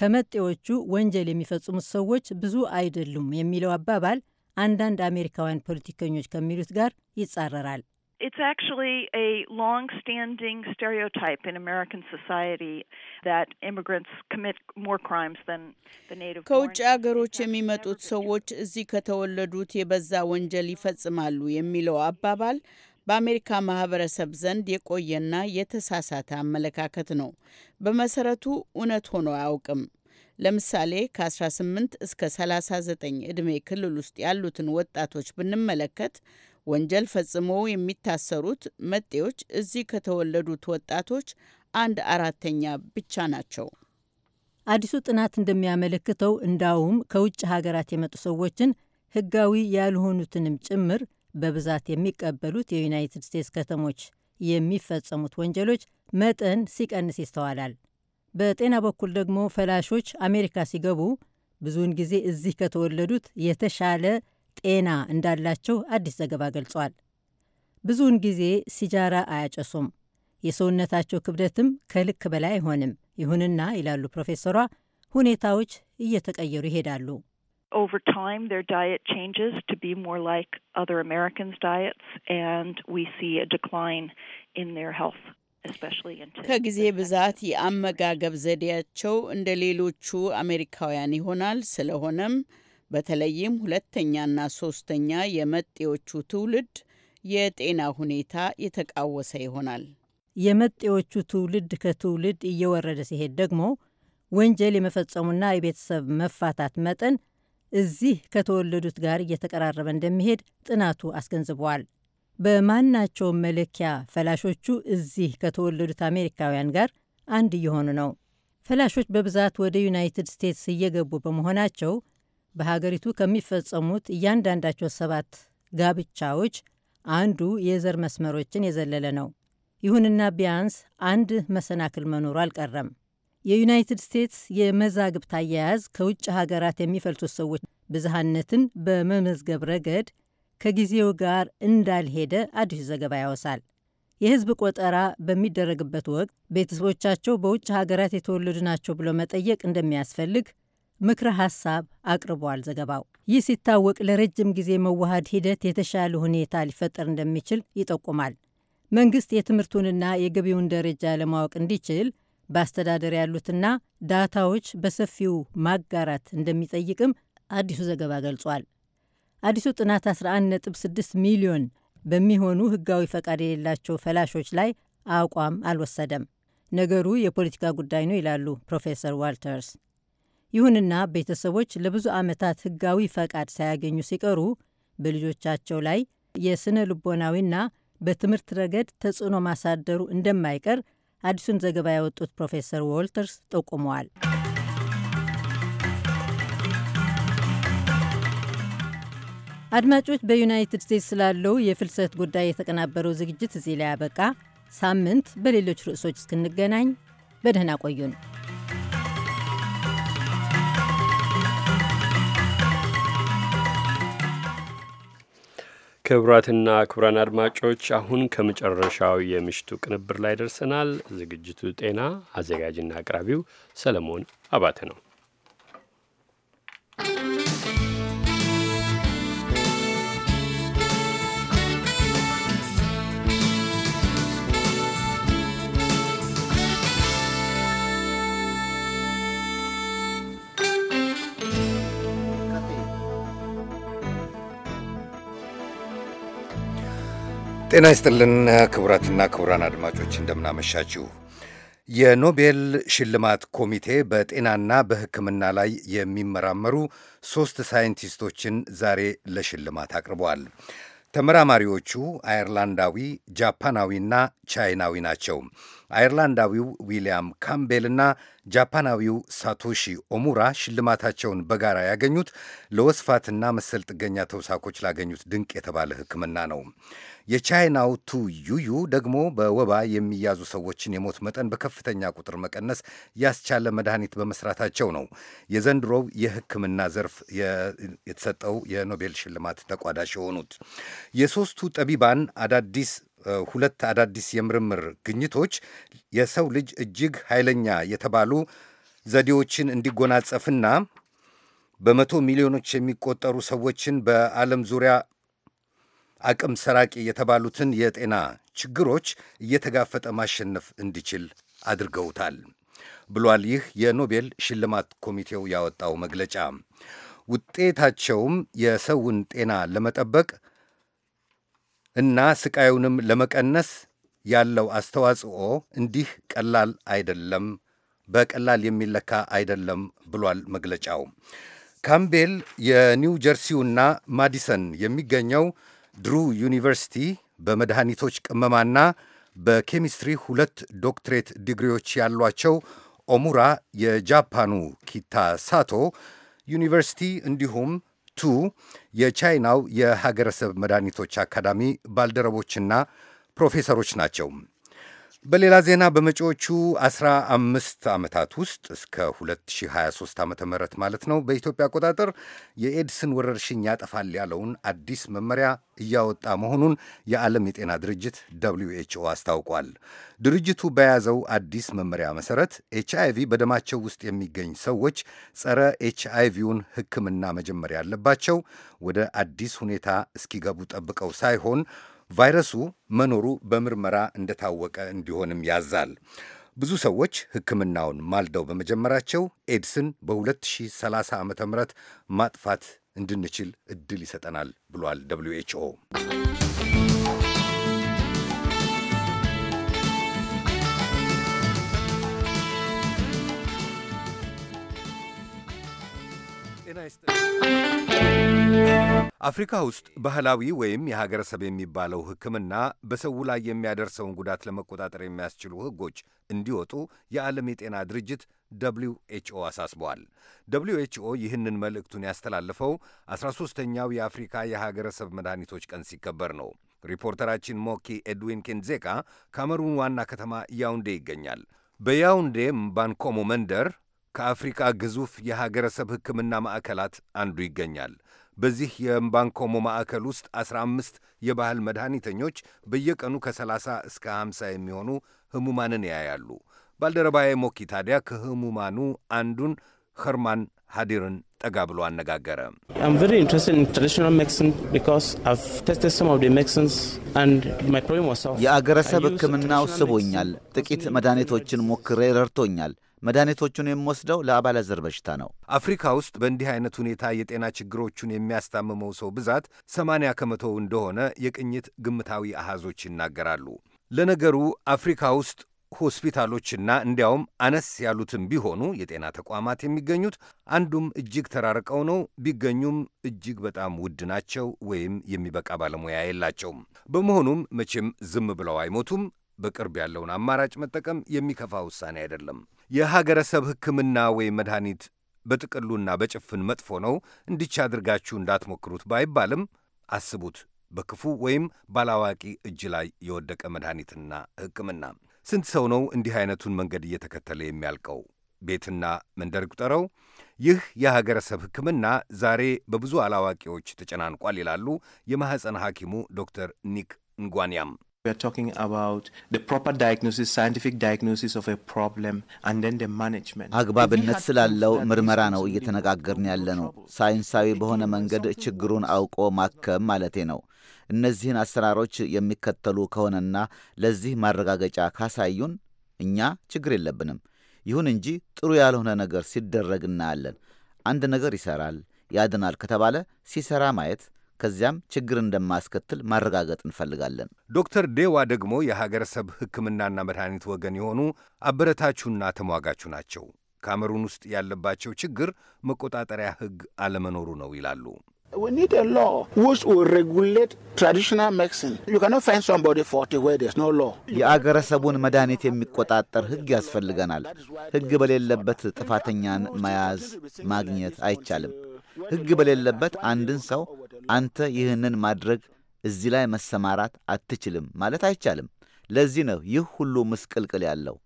ከመጤዎቹ ወንጀል የሚፈጽሙት ሰዎች ብዙ አይደሉም የሚለው አባባል አንዳንድ አሜሪካውያን ፖለቲከኞች ከሚሉት ጋር ይጻረራል። It's actually a long-standing stereotype in American society that immigrants commit more crimes than the native. ከውጭ አገሮች የሚመጡት ሰዎች እዚህ ከተወለዱት የበዛ ወንጀል ይፈጽማሉ የሚለው አባባል በአሜሪካ ማህበረሰብ ዘንድ የቆየና የተሳሳተ አመለካከት ነው። በመሰረቱ እውነት ሆኖ አያውቅም። ለምሳሌ ከ18 እስከ 39 ዕድሜ ክልል ውስጥ ያሉትን ወጣቶች ብንመለከት ወንጀል ፈጽመው የሚታሰሩት መጤዎች እዚህ ከተወለዱት ወጣቶች አንድ አራተኛ ብቻ ናቸው። አዲሱ ጥናት እንደሚያመለክተው እንዳውም ከውጭ ሀገራት የመጡ ሰዎችን ህጋዊ ያልሆኑትንም ጭምር በብዛት የሚቀበሉት የዩናይትድ ስቴትስ ከተሞች የሚፈጸሙት ወንጀሎች መጠን ሲቀንስ ይስተዋላል። በጤና በኩል ደግሞ ፈላሾች አሜሪካ ሲገቡ ብዙውን ጊዜ እዚህ ከተወለዱት የተሻለ ጤና እንዳላቸው አዲስ ዘገባ ገልጿል። ብዙውን ጊዜ ሲጃራ አያጨሱም፣ የሰውነታቸው ክብደትም ከልክ በላይ አይሆንም። ይሁንና ይላሉ ፕሮፌሰሯ፣ ሁኔታዎች እየተቀየሩ ይሄዳሉ። ከጊዜ ብዛት የአመጋገብ ዘዴያቸው እንደ ሌሎቹ አሜሪካውያን ይሆናል። ስለሆነም በተለይም ሁለተኛና ሶስተኛ የመጤዎቹ ትውልድ የጤና ሁኔታ የተቃወሰ ይሆናል። የመጤዎቹ ትውልድ ከትውልድ እየወረደ ሲሄድ ደግሞ ወንጀል የመፈጸሙና የቤተሰብ መፋታት መጠን እዚህ ከተወለዱት ጋር እየተቀራረበ እንደሚሄድ ጥናቱ አስገንዝበዋል። በማናቸውም መለኪያ ፈላሾቹ እዚህ ከተወለዱት አሜሪካውያን ጋር አንድ እየሆኑ ነው። ፈላሾች በብዛት ወደ ዩናይትድ ስቴትስ እየገቡ በመሆናቸው በሀገሪቱ ከሚፈጸሙት እያንዳንዳቸው ሰባት ጋብቻዎች አንዱ የዘር መስመሮችን የዘለለ ነው። ይሁንና ቢያንስ አንድ መሰናክል መኖሩ አልቀረም። የዩናይትድ ስቴትስ የመዛግብት አያያዝ ከውጭ ሀገራት የሚፈልሱት ሰዎች ብዝሃነትን በመመዝገብ ረገድ ከጊዜው ጋር እንዳልሄደ አዲሱ ዘገባ ያወሳል። የህዝብ ቆጠራ በሚደረግበት ወቅት ቤተሰቦቻቸው በውጭ ሀገራት የተወለዱ ናቸው ብሎ መጠየቅ እንደሚያስፈልግ ምክረ ሐሳብ አቅርቧል። ዘገባው ይህ ሲታወቅ ለረጅም ጊዜ መዋሃድ ሂደት የተሻለ ሁኔታ ሊፈጠር እንደሚችል ይጠቁማል። መንግስት የትምህርቱንና የገቢውን ደረጃ ለማወቅ እንዲችል በአስተዳደር ያሉትና ዳታዎች በሰፊው ማጋራት እንደሚጠይቅም አዲሱ ዘገባ ገልጿል። አዲሱ ጥናት 11.6 ሚሊዮን በሚሆኑ ህጋዊ ፈቃድ የሌላቸው ፈላሾች ላይ አቋም አልወሰደም። ነገሩ የፖለቲካ ጉዳይ ነው ይላሉ ፕሮፌሰር ዋልተርስ። ይሁንና ቤተሰቦች ለብዙ ዓመታት ሕጋዊ ፈቃድ ሳያገኙ ሲቀሩ በልጆቻቸው ላይ የስነ ልቦናዊና በትምህርት ረገድ ተጽዕኖ ማሳደሩ እንደማይቀር አዲሱን ዘገባ ያወጡት ፕሮፌሰር ዎልተርስ ጠቁመዋል። አድማጮች፣ በዩናይትድ ስቴትስ ስላለው የፍልሰት ጉዳይ የተቀናበረው ዝግጅት እዚህ ላይ ያበቃ። ሳምንት በሌሎች ርዕሶች እስክንገናኝ በደህና ቆዩን። ክቡራትና ክቡራን አድማጮች አሁን ከመጨረሻው የምሽቱ ቅንብር ላይ ደርሰናል። ዝግጅቱ ጤና፣ አዘጋጅና አቅራቢው ሰለሞን አባተ ነው። ጤና ይስጥልን ክቡራትና ክቡራን አድማጮች እንደምናመሻችሁ። የኖቤል ሽልማት ኮሚቴ በጤናና በሕክምና ላይ የሚመራመሩ ሦስት ሳይንቲስቶችን ዛሬ ለሽልማት አቅርበዋል። ተመራማሪዎቹ አየርላንዳዊ፣ ጃፓናዊና ቻይናዊ ናቸው። አይርላንዳዊው ዊልያም ካምቤልና ጃፓናዊው ሳቶሺ ኦሙራ ሽልማታቸውን በጋራ ያገኙት ለወስፋትና መሰል ጥገኛ ተውሳኮች ላገኙት ድንቅ የተባለ ሕክምና ነው። የቻይናው ቱ ዩዩ ደግሞ በወባ የሚያዙ ሰዎችን የሞት መጠን በከፍተኛ ቁጥር መቀነስ ያስቻለ መድኃኒት በመስራታቸው ነው የዘንድሮው የሕክምና ዘርፍ የተሰጠው የኖቤል ሽልማት ተቋዳሽ የሆኑት የሦስቱ ጠቢባን አዳዲስ ሁለት አዳዲስ የምርምር ግኝቶች የሰው ልጅ እጅግ ኃይለኛ የተባሉ ዘዴዎችን እንዲጎናጸፍና በመቶ ሚሊዮኖች የሚቆጠሩ ሰዎችን በዓለም ዙሪያ አቅም ሰራቂ የተባሉትን የጤና ችግሮች እየተጋፈጠ ማሸነፍ እንዲችል አድርገውታል ብሏል። ይህ የኖቤል ሽልማት ኮሚቴው ያወጣው መግለጫ ውጤታቸውም የሰውን ጤና ለመጠበቅ እና ስቃዩንም ለመቀነስ ያለው አስተዋጽኦ እንዲህ ቀላል አይደለም፣ በቀላል የሚለካ አይደለም ብሏል መግለጫው። ካምቤል የኒው ጀርሲውና ማዲሰን የሚገኘው ድሩ ዩኒቨርሲቲ በመድኃኒቶች ቅመማና በኬሚስትሪ ሁለት ዶክትሬት ዲግሪዎች ያሏቸው ኦሙራ የጃፓኑ ኪታ ሳቶ ዩኒቨርሲቲ እንዲሁም ቱ የቻይናው የሀገረሰብ መድኃኒቶች አካዳሚ ባልደረቦችና ፕሮፌሰሮች ናቸው። በሌላ ዜና በመጪዎቹ 15 ዓመታት ውስጥ እስከ 2023 ዓ ም ማለት ነው በኢትዮጵያ አቆጣጠር የኤድስን ወረርሽኝ ያጠፋል ያለውን አዲስ መመሪያ እያወጣ መሆኑን የዓለም የጤና ድርጅት ደብልዩ ኤች ኦ አስታውቋል። ድርጅቱ በያዘው አዲስ መመሪያ መሠረት ኤች አይቪ በደማቸው ውስጥ የሚገኝ ሰዎች ጸረ ኤች አይቪውን ሕክምና መጀመር ያለባቸው ወደ አዲስ ሁኔታ እስኪገቡ ጠብቀው ሳይሆን ቫይረሱ መኖሩ በምርመራ እንደታወቀ እንዲሆንም ያዛል። ብዙ ሰዎች ሕክምናውን ማልደው በመጀመራቸው ኤድስን በ2030 ዓ ም ማጥፋት እንድንችል እድል ይሰጠናል ብሏል ደብሊው ኤች ኦ። ጤና አፍሪካ ውስጥ ባህላዊ ወይም የሀገረሰብ የሚባለው ሕክምና በሰው ላይ የሚያደርሰውን ጉዳት ለመቆጣጠር የሚያስችሉ ሕጎች እንዲወጡ የዓለም የጤና ድርጅት ደብሊው ኤችኦ አሳስበዋል። ደብሊው ኤችኦ ይህንን መልእክቱን ያስተላለፈው 13 ተኛው የአፍሪካ የሀገረሰብ መድኃኒቶች ቀን ሲከበር ነው። ሪፖርተራችን ሞኪ ኤድዊን ኬንዜካ ካሜሩን ዋና ከተማ ያውንዴ ይገኛል። በያውንዴ ምባንኮሞ መንደር ከአፍሪካ ግዙፍ የሀገረሰብ ሕክምና ማዕከላት አንዱ ይገኛል። በዚህ የምባንኮሞ ማዕከል ውስጥ 15 የባህል መድኃኒተኞች በየቀኑ ከ30 እስከ 50 የሚሆኑ ህሙማንን ያያሉ። ባልደረባዬ ሞኪ ታዲያ ከህሙማኑ አንዱን ኸርማን ሃዲርን ጠጋ ብሎ አነጋገረ። የአገረሰብ ሕክምናው ስቦኛል። ጥቂት መድኃኒቶችን ሞክሬ ረድቶኛል። መድኃኒቶቹን የምወስደው ለአባለዘር በሽታ ነው። አፍሪካ ውስጥ በእንዲህ አይነት ሁኔታ የጤና ችግሮቹን የሚያስታምመው ሰው ብዛት 80 ከመቶው እንደሆነ የቅኝት ግምታዊ አሃዞች ይናገራሉ። ለነገሩ አፍሪካ ውስጥ ሆስፒታሎችና እንዲያውም አነስ ያሉትም ቢሆኑ የጤና ተቋማት የሚገኙት አንዱም እጅግ ተራርቀው ነው። ቢገኙም እጅግ በጣም ውድ ናቸው ወይም የሚበቃ ባለሙያ የላቸውም። በመሆኑም መቼም ዝም ብለው አይሞቱም። በቅርብ ያለውን አማራጭ መጠቀም የሚከፋ ውሳኔ አይደለም። የሀገረሰብ ሕክምና ወይም መድኃኒት በጥቅሉና በጭፍን መጥፎ ነው፣ እንዲቻ አድርጋችሁ እንዳትሞክሩት ባይባልም አስቡት በክፉ ወይም ባላዋቂ እጅ ላይ የወደቀ መድኃኒትና ሕክምና። ስንት ሰው ነው እንዲህ አይነቱን መንገድ እየተከተለ የሚያልቀው? ቤትና መንደር ቁጠረው። ይህ የሀገረሰብ ሕክምና ዛሬ በብዙ አላዋቂዎች ተጨናንቋል ይላሉ የማኅፀን ሐኪሙ ዶክተር ኒክ እንጓንያም። We are talking about the proper diagnosis, scientific diagnosis of a problem and then the management. አግባብነት ስላለው ምርመራ ነው እየተነጋገርን ያለ ነው። ሳይንሳዊ በሆነ መንገድ ችግሩን አውቆ ማከም ማለቴ ነው። እነዚህን አሰራሮች የሚከተሉ ከሆነና ለዚህ ማረጋገጫ ካሳዩን እኛ ችግር የለብንም። ይሁን እንጂ ጥሩ ያልሆነ ነገር ሲደረግ እናያለን። አንድ ነገር ይሰራል፣ ያድናል ከተባለ ሲሰራ ማየት ከዚያም ችግር እንደማያስከትል ማረጋገጥ እንፈልጋለን። ዶክተር ዴዋ ደግሞ የሀገረሰብ ሕክምናና መድኃኒት ወገን የሆኑ አበረታቹና ተሟጋቹ ናቸው። ካሜሩን ውስጥ ያለባቸው ችግር መቆጣጠሪያ ሕግ አለመኖሩ ነው ይላሉ። የአገረሰቡን መድኃኒት የሚቆጣጠር ሕግ ያስፈልገናል። ሕግ በሌለበት ጥፋተኛን መያዝ ማግኘት አይቻልም። ሕግ በሌለበት አንድን ሰው አንተ ይህንን ማድረግ እዚህ ላይ መሰማራት አትችልም ማለት አይቻልም። ለዚህ ነው ይህ ሁሉ ምስቅልቅል ያለው።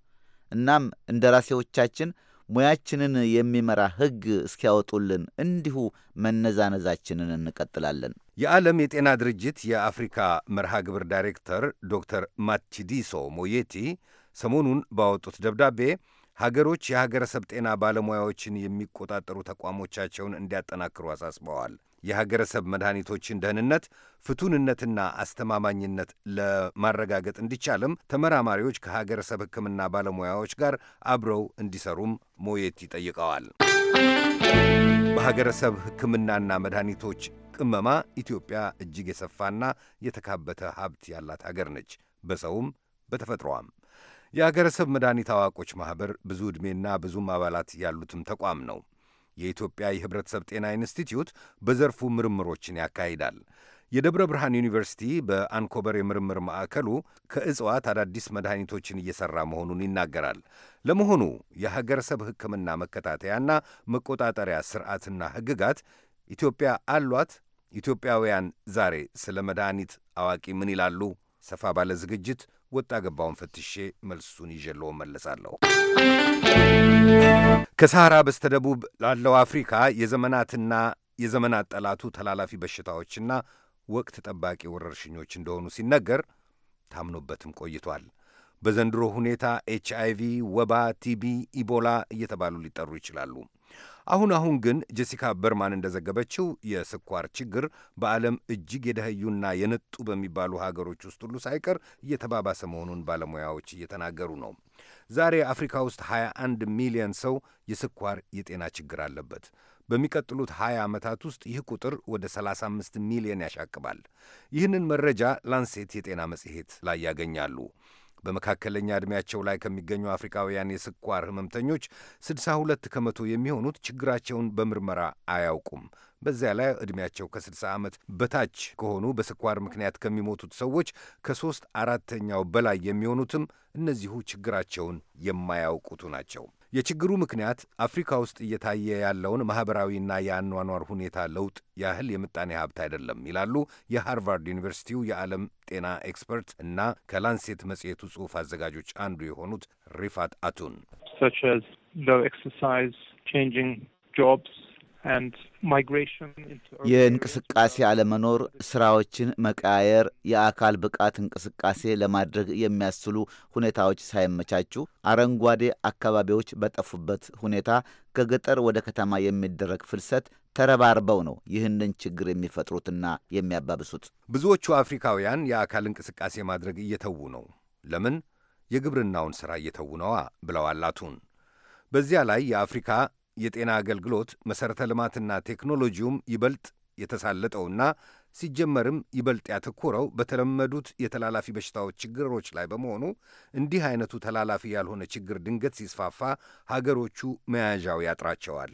እናም እንደራሴዎቻችን ሙያችንን የሚመራ ሕግ እስኪያወጡልን እንዲሁ መነዛነዛችንን እንቀጥላለን። የዓለም የጤና ድርጅት የአፍሪካ መርሃ ግብር ዳይሬክተር ዶክተር ማትሺዲሶ ሞዬቲ ሰሞኑን ባወጡት ደብዳቤ ሀገሮች የሀገረሰብ ጤና ባለሙያዎችን የሚቆጣጠሩ ተቋሞቻቸውን እንዲያጠናክሩ አሳስበዋል። የሀገረሰብ መድኃኒቶችን ደህንነት ፍቱንነትና አስተማማኝነት ለማረጋገጥ እንዲቻልም ተመራማሪዎች ከሀገረሰብ ሕክምና ባለሙያዎች ጋር አብረው እንዲሰሩም ሞየት ይጠይቀዋል። ሰብ ሕክምናና መድኃኒቶች ቅመማ ኢትዮጵያ እጅግ የሰፋና የተካበተ ሀብት ያላት አገር ነች፣ በሰውም በተፈጥሮዋም። ሰብ መድኃኒት አዋቆች ማኅበር ብዙ ዕድሜና ብዙም አባላት ያሉትም ተቋም ነው። የኢትዮጵያ የህብረተሰብ ጤና ኢንስቲትዩት በዘርፉ ምርምሮችን ያካሂዳል። የደብረ ብርሃን ዩኒቨርሲቲ በአንኮበር የምርምር ማዕከሉ ከእጽዋት አዳዲስ መድኃኒቶችን እየሠራ መሆኑን ይናገራል። ለመሆኑ የሀገረሰብ ሰብ ሕክምና መከታተያና መቆጣጠሪያ ስርዓትና ህግጋት ኢትዮጵያ አሏት? ኢትዮጵያውያን ዛሬ ስለ መድኃኒት አዋቂ ምን ይላሉ? ሰፋ ባለ ዝግጅት ወጣ ገባውን ፈትሼ መልሱን ይዤለው መለሳለሁ። ከሰሃራ በስተደቡብ ላለው አፍሪካ የዘመናትና የዘመናት ጠላቱ ተላላፊ በሽታዎችና ወቅት ጠባቂ ወረርሽኞች እንደሆኑ ሲነገር ታምኖበትም ቆይቷል። በዘንድሮ ሁኔታ ኤች አይቪ፣ ወባ፣ ቲቢ፣ ኢቦላ እየተባሉ ሊጠሩ ይችላሉ። አሁን አሁን ግን ጄሲካ በርማን እንደዘገበችው የስኳር ችግር በዓለም እጅግ የደህዩና የነጡ በሚባሉ ሀገሮች ውስጥ ሁሉ ሳይቀር እየተባባሰ መሆኑን ባለሙያዎች እየተናገሩ ነው። ዛሬ አፍሪካ ውስጥ 21 ሚሊዮን ሰው የስኳር የጤና ችግር አለበት። በሚቀጥሉት 20 ዓመታት ውስጥ ይህ ቁጥር ወደ 35 ሚሊዮን ያሻቅባል። ይህንን መረጃ ላንሴት የጤና መጽሔት ላይ ያገኛሉ። በመካከለኛ ዕድሜያቸው ላይ ከሚገኙ አፍሪካውያን የስኳር ህመምተኞች 62 ከመቶ የሚሆኑት ችግራቸውን በምርመራ አያውቁም። በዚያ ላይ ዕድሜያቸው ከ60 ዓመት በታች ከሆኑ በስኳር ምክንያት ከሚሞቱት ሰዎች ከሦስት አራተኛው በላይ የሚሆኑትም እነዚሁ ችግራቸውን የማያውቁቱ ናቸው። የችግሩ ምክንያት አፍሪካ ውስጥ እየታየ ያለውን ማኅበራዊና የአኗኗር ሁኔታ ለውጥ ያህል የምጣኔ ሀብት አይደለም ይላሉ የሃርቫርድ ዩኒቨርሲቲው የዓለም ጤና ኤክስፐርት እና ከላንሴት መጽሔቱ ጽሑፍ አዘጋጆች አንዱ የሆኑት ሪፋት አቱን የእንቅስቃሴ አለመኖር፣ ስራዎችን መቀያየር፣ የአካል ብቃት እንቅስቃሴ ለማድረግ የሚያስችሉ ሁኔታዎች ሳይመቻቹ አረንጓዴ አካባቢዎች በጠፉበት ሁኔታ ከገጠር ወደ ከተማ የሚደረግ ፍልሰት ተረባርበው ነው ይህንን ችግር የሚፈጥሩትና የሚያባብሱት። ብዙዎቹ አፍሪካውያን የአካል እንቅስቃሴ ማድረግ እየተዉ ነው። ለምን? የግብርናውን ሥራ እየተዉ ነዋ ብለዋል አቱን። በዚያ ላይ የአፍሪካ የጤና አገልግሎት መሠረተ ልማትና ቴክኖሎጂውም ይበልጥ የተሳለጠውና ሲጀመርም ይበልጥ ያተኮረው በተለመዱት የተላላፊ በሽታዎች ችግሮች ላይ በመሆኑ እንዲህ አይነቱ ተላላፊ ያልሆነ ችግር ድንገት ሲስፋፋ ሀገሮቹ መያዣው ያጥራቸዋል።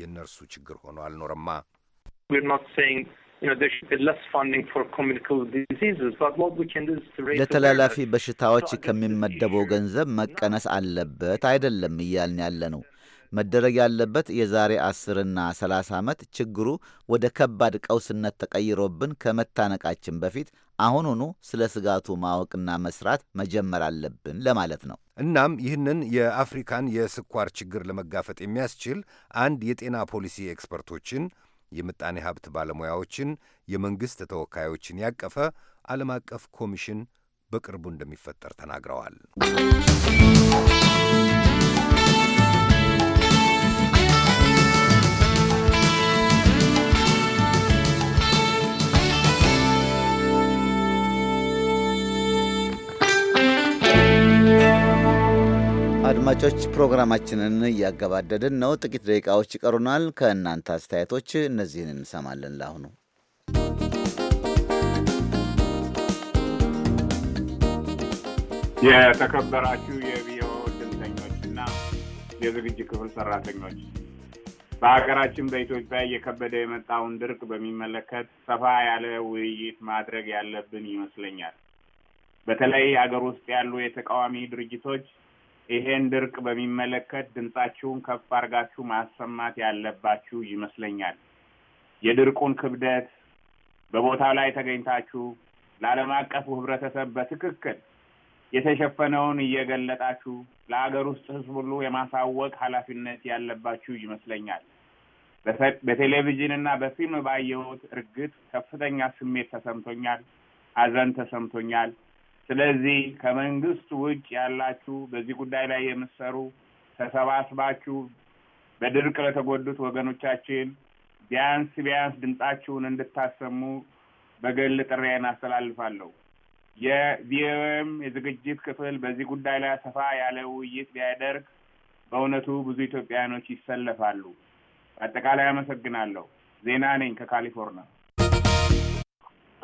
የእነርሱ ችግር ሆኖ አልኖረማ። ለተላላፊ በሽታዎች ከሚመደበው ገንዘብ መቀነስ አለበት አይደለም እያልን ያለ ነው። መደረግ ያለበት የዛሬ አስርና ና 30 ዓመት ችግሩ ወደ ከባድ ቀውስነት ተቀይሮብን ከመታነቃችን በፊት አሁኑኑ ስለ ስጋቱ ማወቅና መስራት መጀመር አለብን ለማለት ነው። እናም ይህንን የአፍሪካን የስኳር ችግር ለመጋፈጥ የሚያስችል አንድ የጤና ፖሊሲ ኤክስፐርቶችን፣ የምጣኔ ሀብት ባለሙያዎችን፣ የመንግሥት ተወካዮችን ያቀፈ ዓለም አቀፍ ኮሚሽን በቅርቡ እንደሚፈጠር ተናግረዋል። አድማጮች ፕሮግራማችንን እያገባደድን ነው። ጥቂት ደቂቃዎች ይቀሩናል። ከእናንተ አስተያየቶች እነዚህን እንሰማለን። ለአሁኑ የተከበራችሁ የቪኦ ድምተኞችና የዝግጅት ክፍል ሰራተኞች በሀገራችን በኢትዮጵያ እየከበደ የመጣውን ድርቅ በሚመለከት ሰፋ ያለ ውይይት ማድረግ ያለብን ይመስለኛል። በተለይ ሀገር ውስጥ ያሉ የተቃዋሚ ድርጅቶች ይሄን ድርቅ በሚመለከት ድምጻችሁን ከፍ አድርጋችሁ ማሰማት ያለባችሁ ይመስለኛል። የድርቁን ክብደት በቦታው ላይ ተገኝታችሁ ለዓለም አቀፉ ህብረተሰብ በትክክል የተሸፈነውን እየገለጣችሁ ለሀገር ውስጥ ህዝብ ሁሉ የማሳወቅ ኃላፊነት ያለባችሁ ይመስለኛል። በቴሌቪዥን እና በፊልም ባየሁት እርግጥ ከፍተኛ ስሜት ተሰምቶኛል፣ ሀዘን ተሰምቶኛል፣ ስለዚህ ከመንግስት ውጭ ያላችሁ በዚህ ጉዳይ ላይ የምትሰሩ ተሰባስባችሁ በድርቅ ለተጎዱት ወገኖቻችን ቢያንስ ቢያንስ ድምጻችሁን እንድታሰሙ በግል ጥሪዬን አስተላልፋለሁ። የቪኦኤም የዝግጅት ክፍል በዚህ ጉዳይ ላይ ሰፋ ያለ ውይይት ቢያደርግ በእውነቱ ብዙ ኢትዮጵያውያኖች ይሰለፋሉ። አጠቃላይ አመሰግናለሁ። ዜና ነኝ ከካሊፎርኒያ።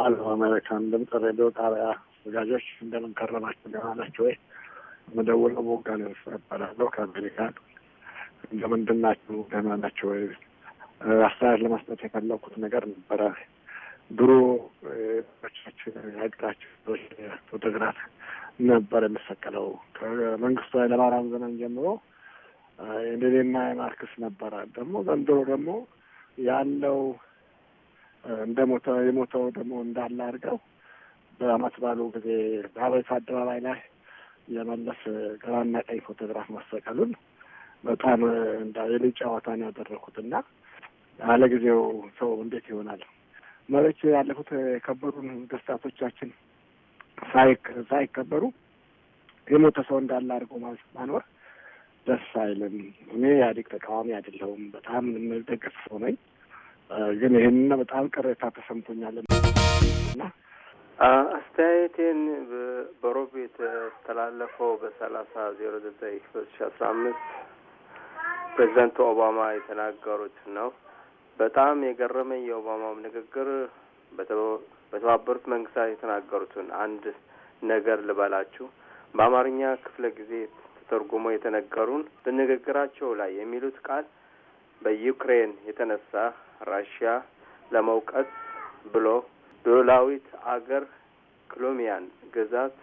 አሎ አሜሪካን ድምጽ ሬዲዮ ጣቢያ ወዳጆች እንደምን እንደምንከረማቸው እንደሆናቸው ወይ መደውለው ሞጋለ እባላለሁ ከአሜሪካን እንደምንድናችሁ ደህና ናቸው ወይ አስተያየት ለመስጠት የፈለኩት ነገር ነበረ። ድሮ ቻችን ፎቶግራፍ ነበር የምሰቀለው ከመንግስቱ ኃይለማርያም ዘመን ጀምሮ የሌሌና የማርክስ ነበረ። ደግሞ ዘንድሮ ደግሞ ያለው እንደ የሞተው ደግሞ እንዳለ አድርገው በአመት ባሉ ጊዜ በሀበሻ አደባባይ ላይ የመለስ ግራና ቀኝ ፎቶግራፍ መሰቀሉን በጣም እንደ የልጅ ጨዋታ ነው ያደረኩት እና አለ ጊዜው ሰው እንዴት ይሆናል? መሪዎች ያለፉት የከበሩን ደስታቶቻችን ሳይከበሩ የሞተ ሰው እንዳለ አድርጎ ማኖር ደስ አይልም። እኔ ኢህአዴግ ተቃዋሚ አይደለሁም። በጣም የምደግፍ ሰው ነኝ። ግን ይህንና በጣም ቅሬታ ተሰምቶኛል እና አስተያየቴን በሮብ የተተላለፈው በሰላሳ ዜሮ ዘጠኝ ሁለት ሺ አስራ አምስት ፕሬዚዳንቱ ኦባማ የተናገሩት ነው። በጣም የገረመኝ የኦባማም ንግግር በተባበሩት መንግስታት የተናገሩትን አንድ ነገር ልበላችሁ። በአማርኛ ክፍለ ጊዜ ተተርጉሞ የተነገሩን በንግግራቸው ላይ የሚሉት ቃል በዩክሬን የተነሳ ራሽያ ለመውቀት ብሎ ሉዓላዊት አገር ክሎሚያን ግዛት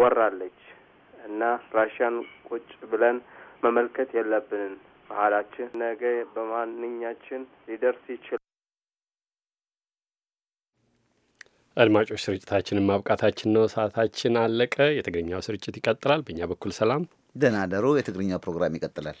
ወራለች እና ራሽያን ቁጭ ብለን መመልከት የለብንን ባህላችን ነገ በማንኛችን ሊደርስ ይችላል። አድማጮች፣ ስርጭታችንን ማብቃታችን ነው። ሰዓታችን አለቀ። የትግርኛው ስርጭት ይቀጥላል። በእኛ በኩል ሰላም፣ ደህና ደሩ። የትግርኛው ፕሮግራም ይቀጥላል።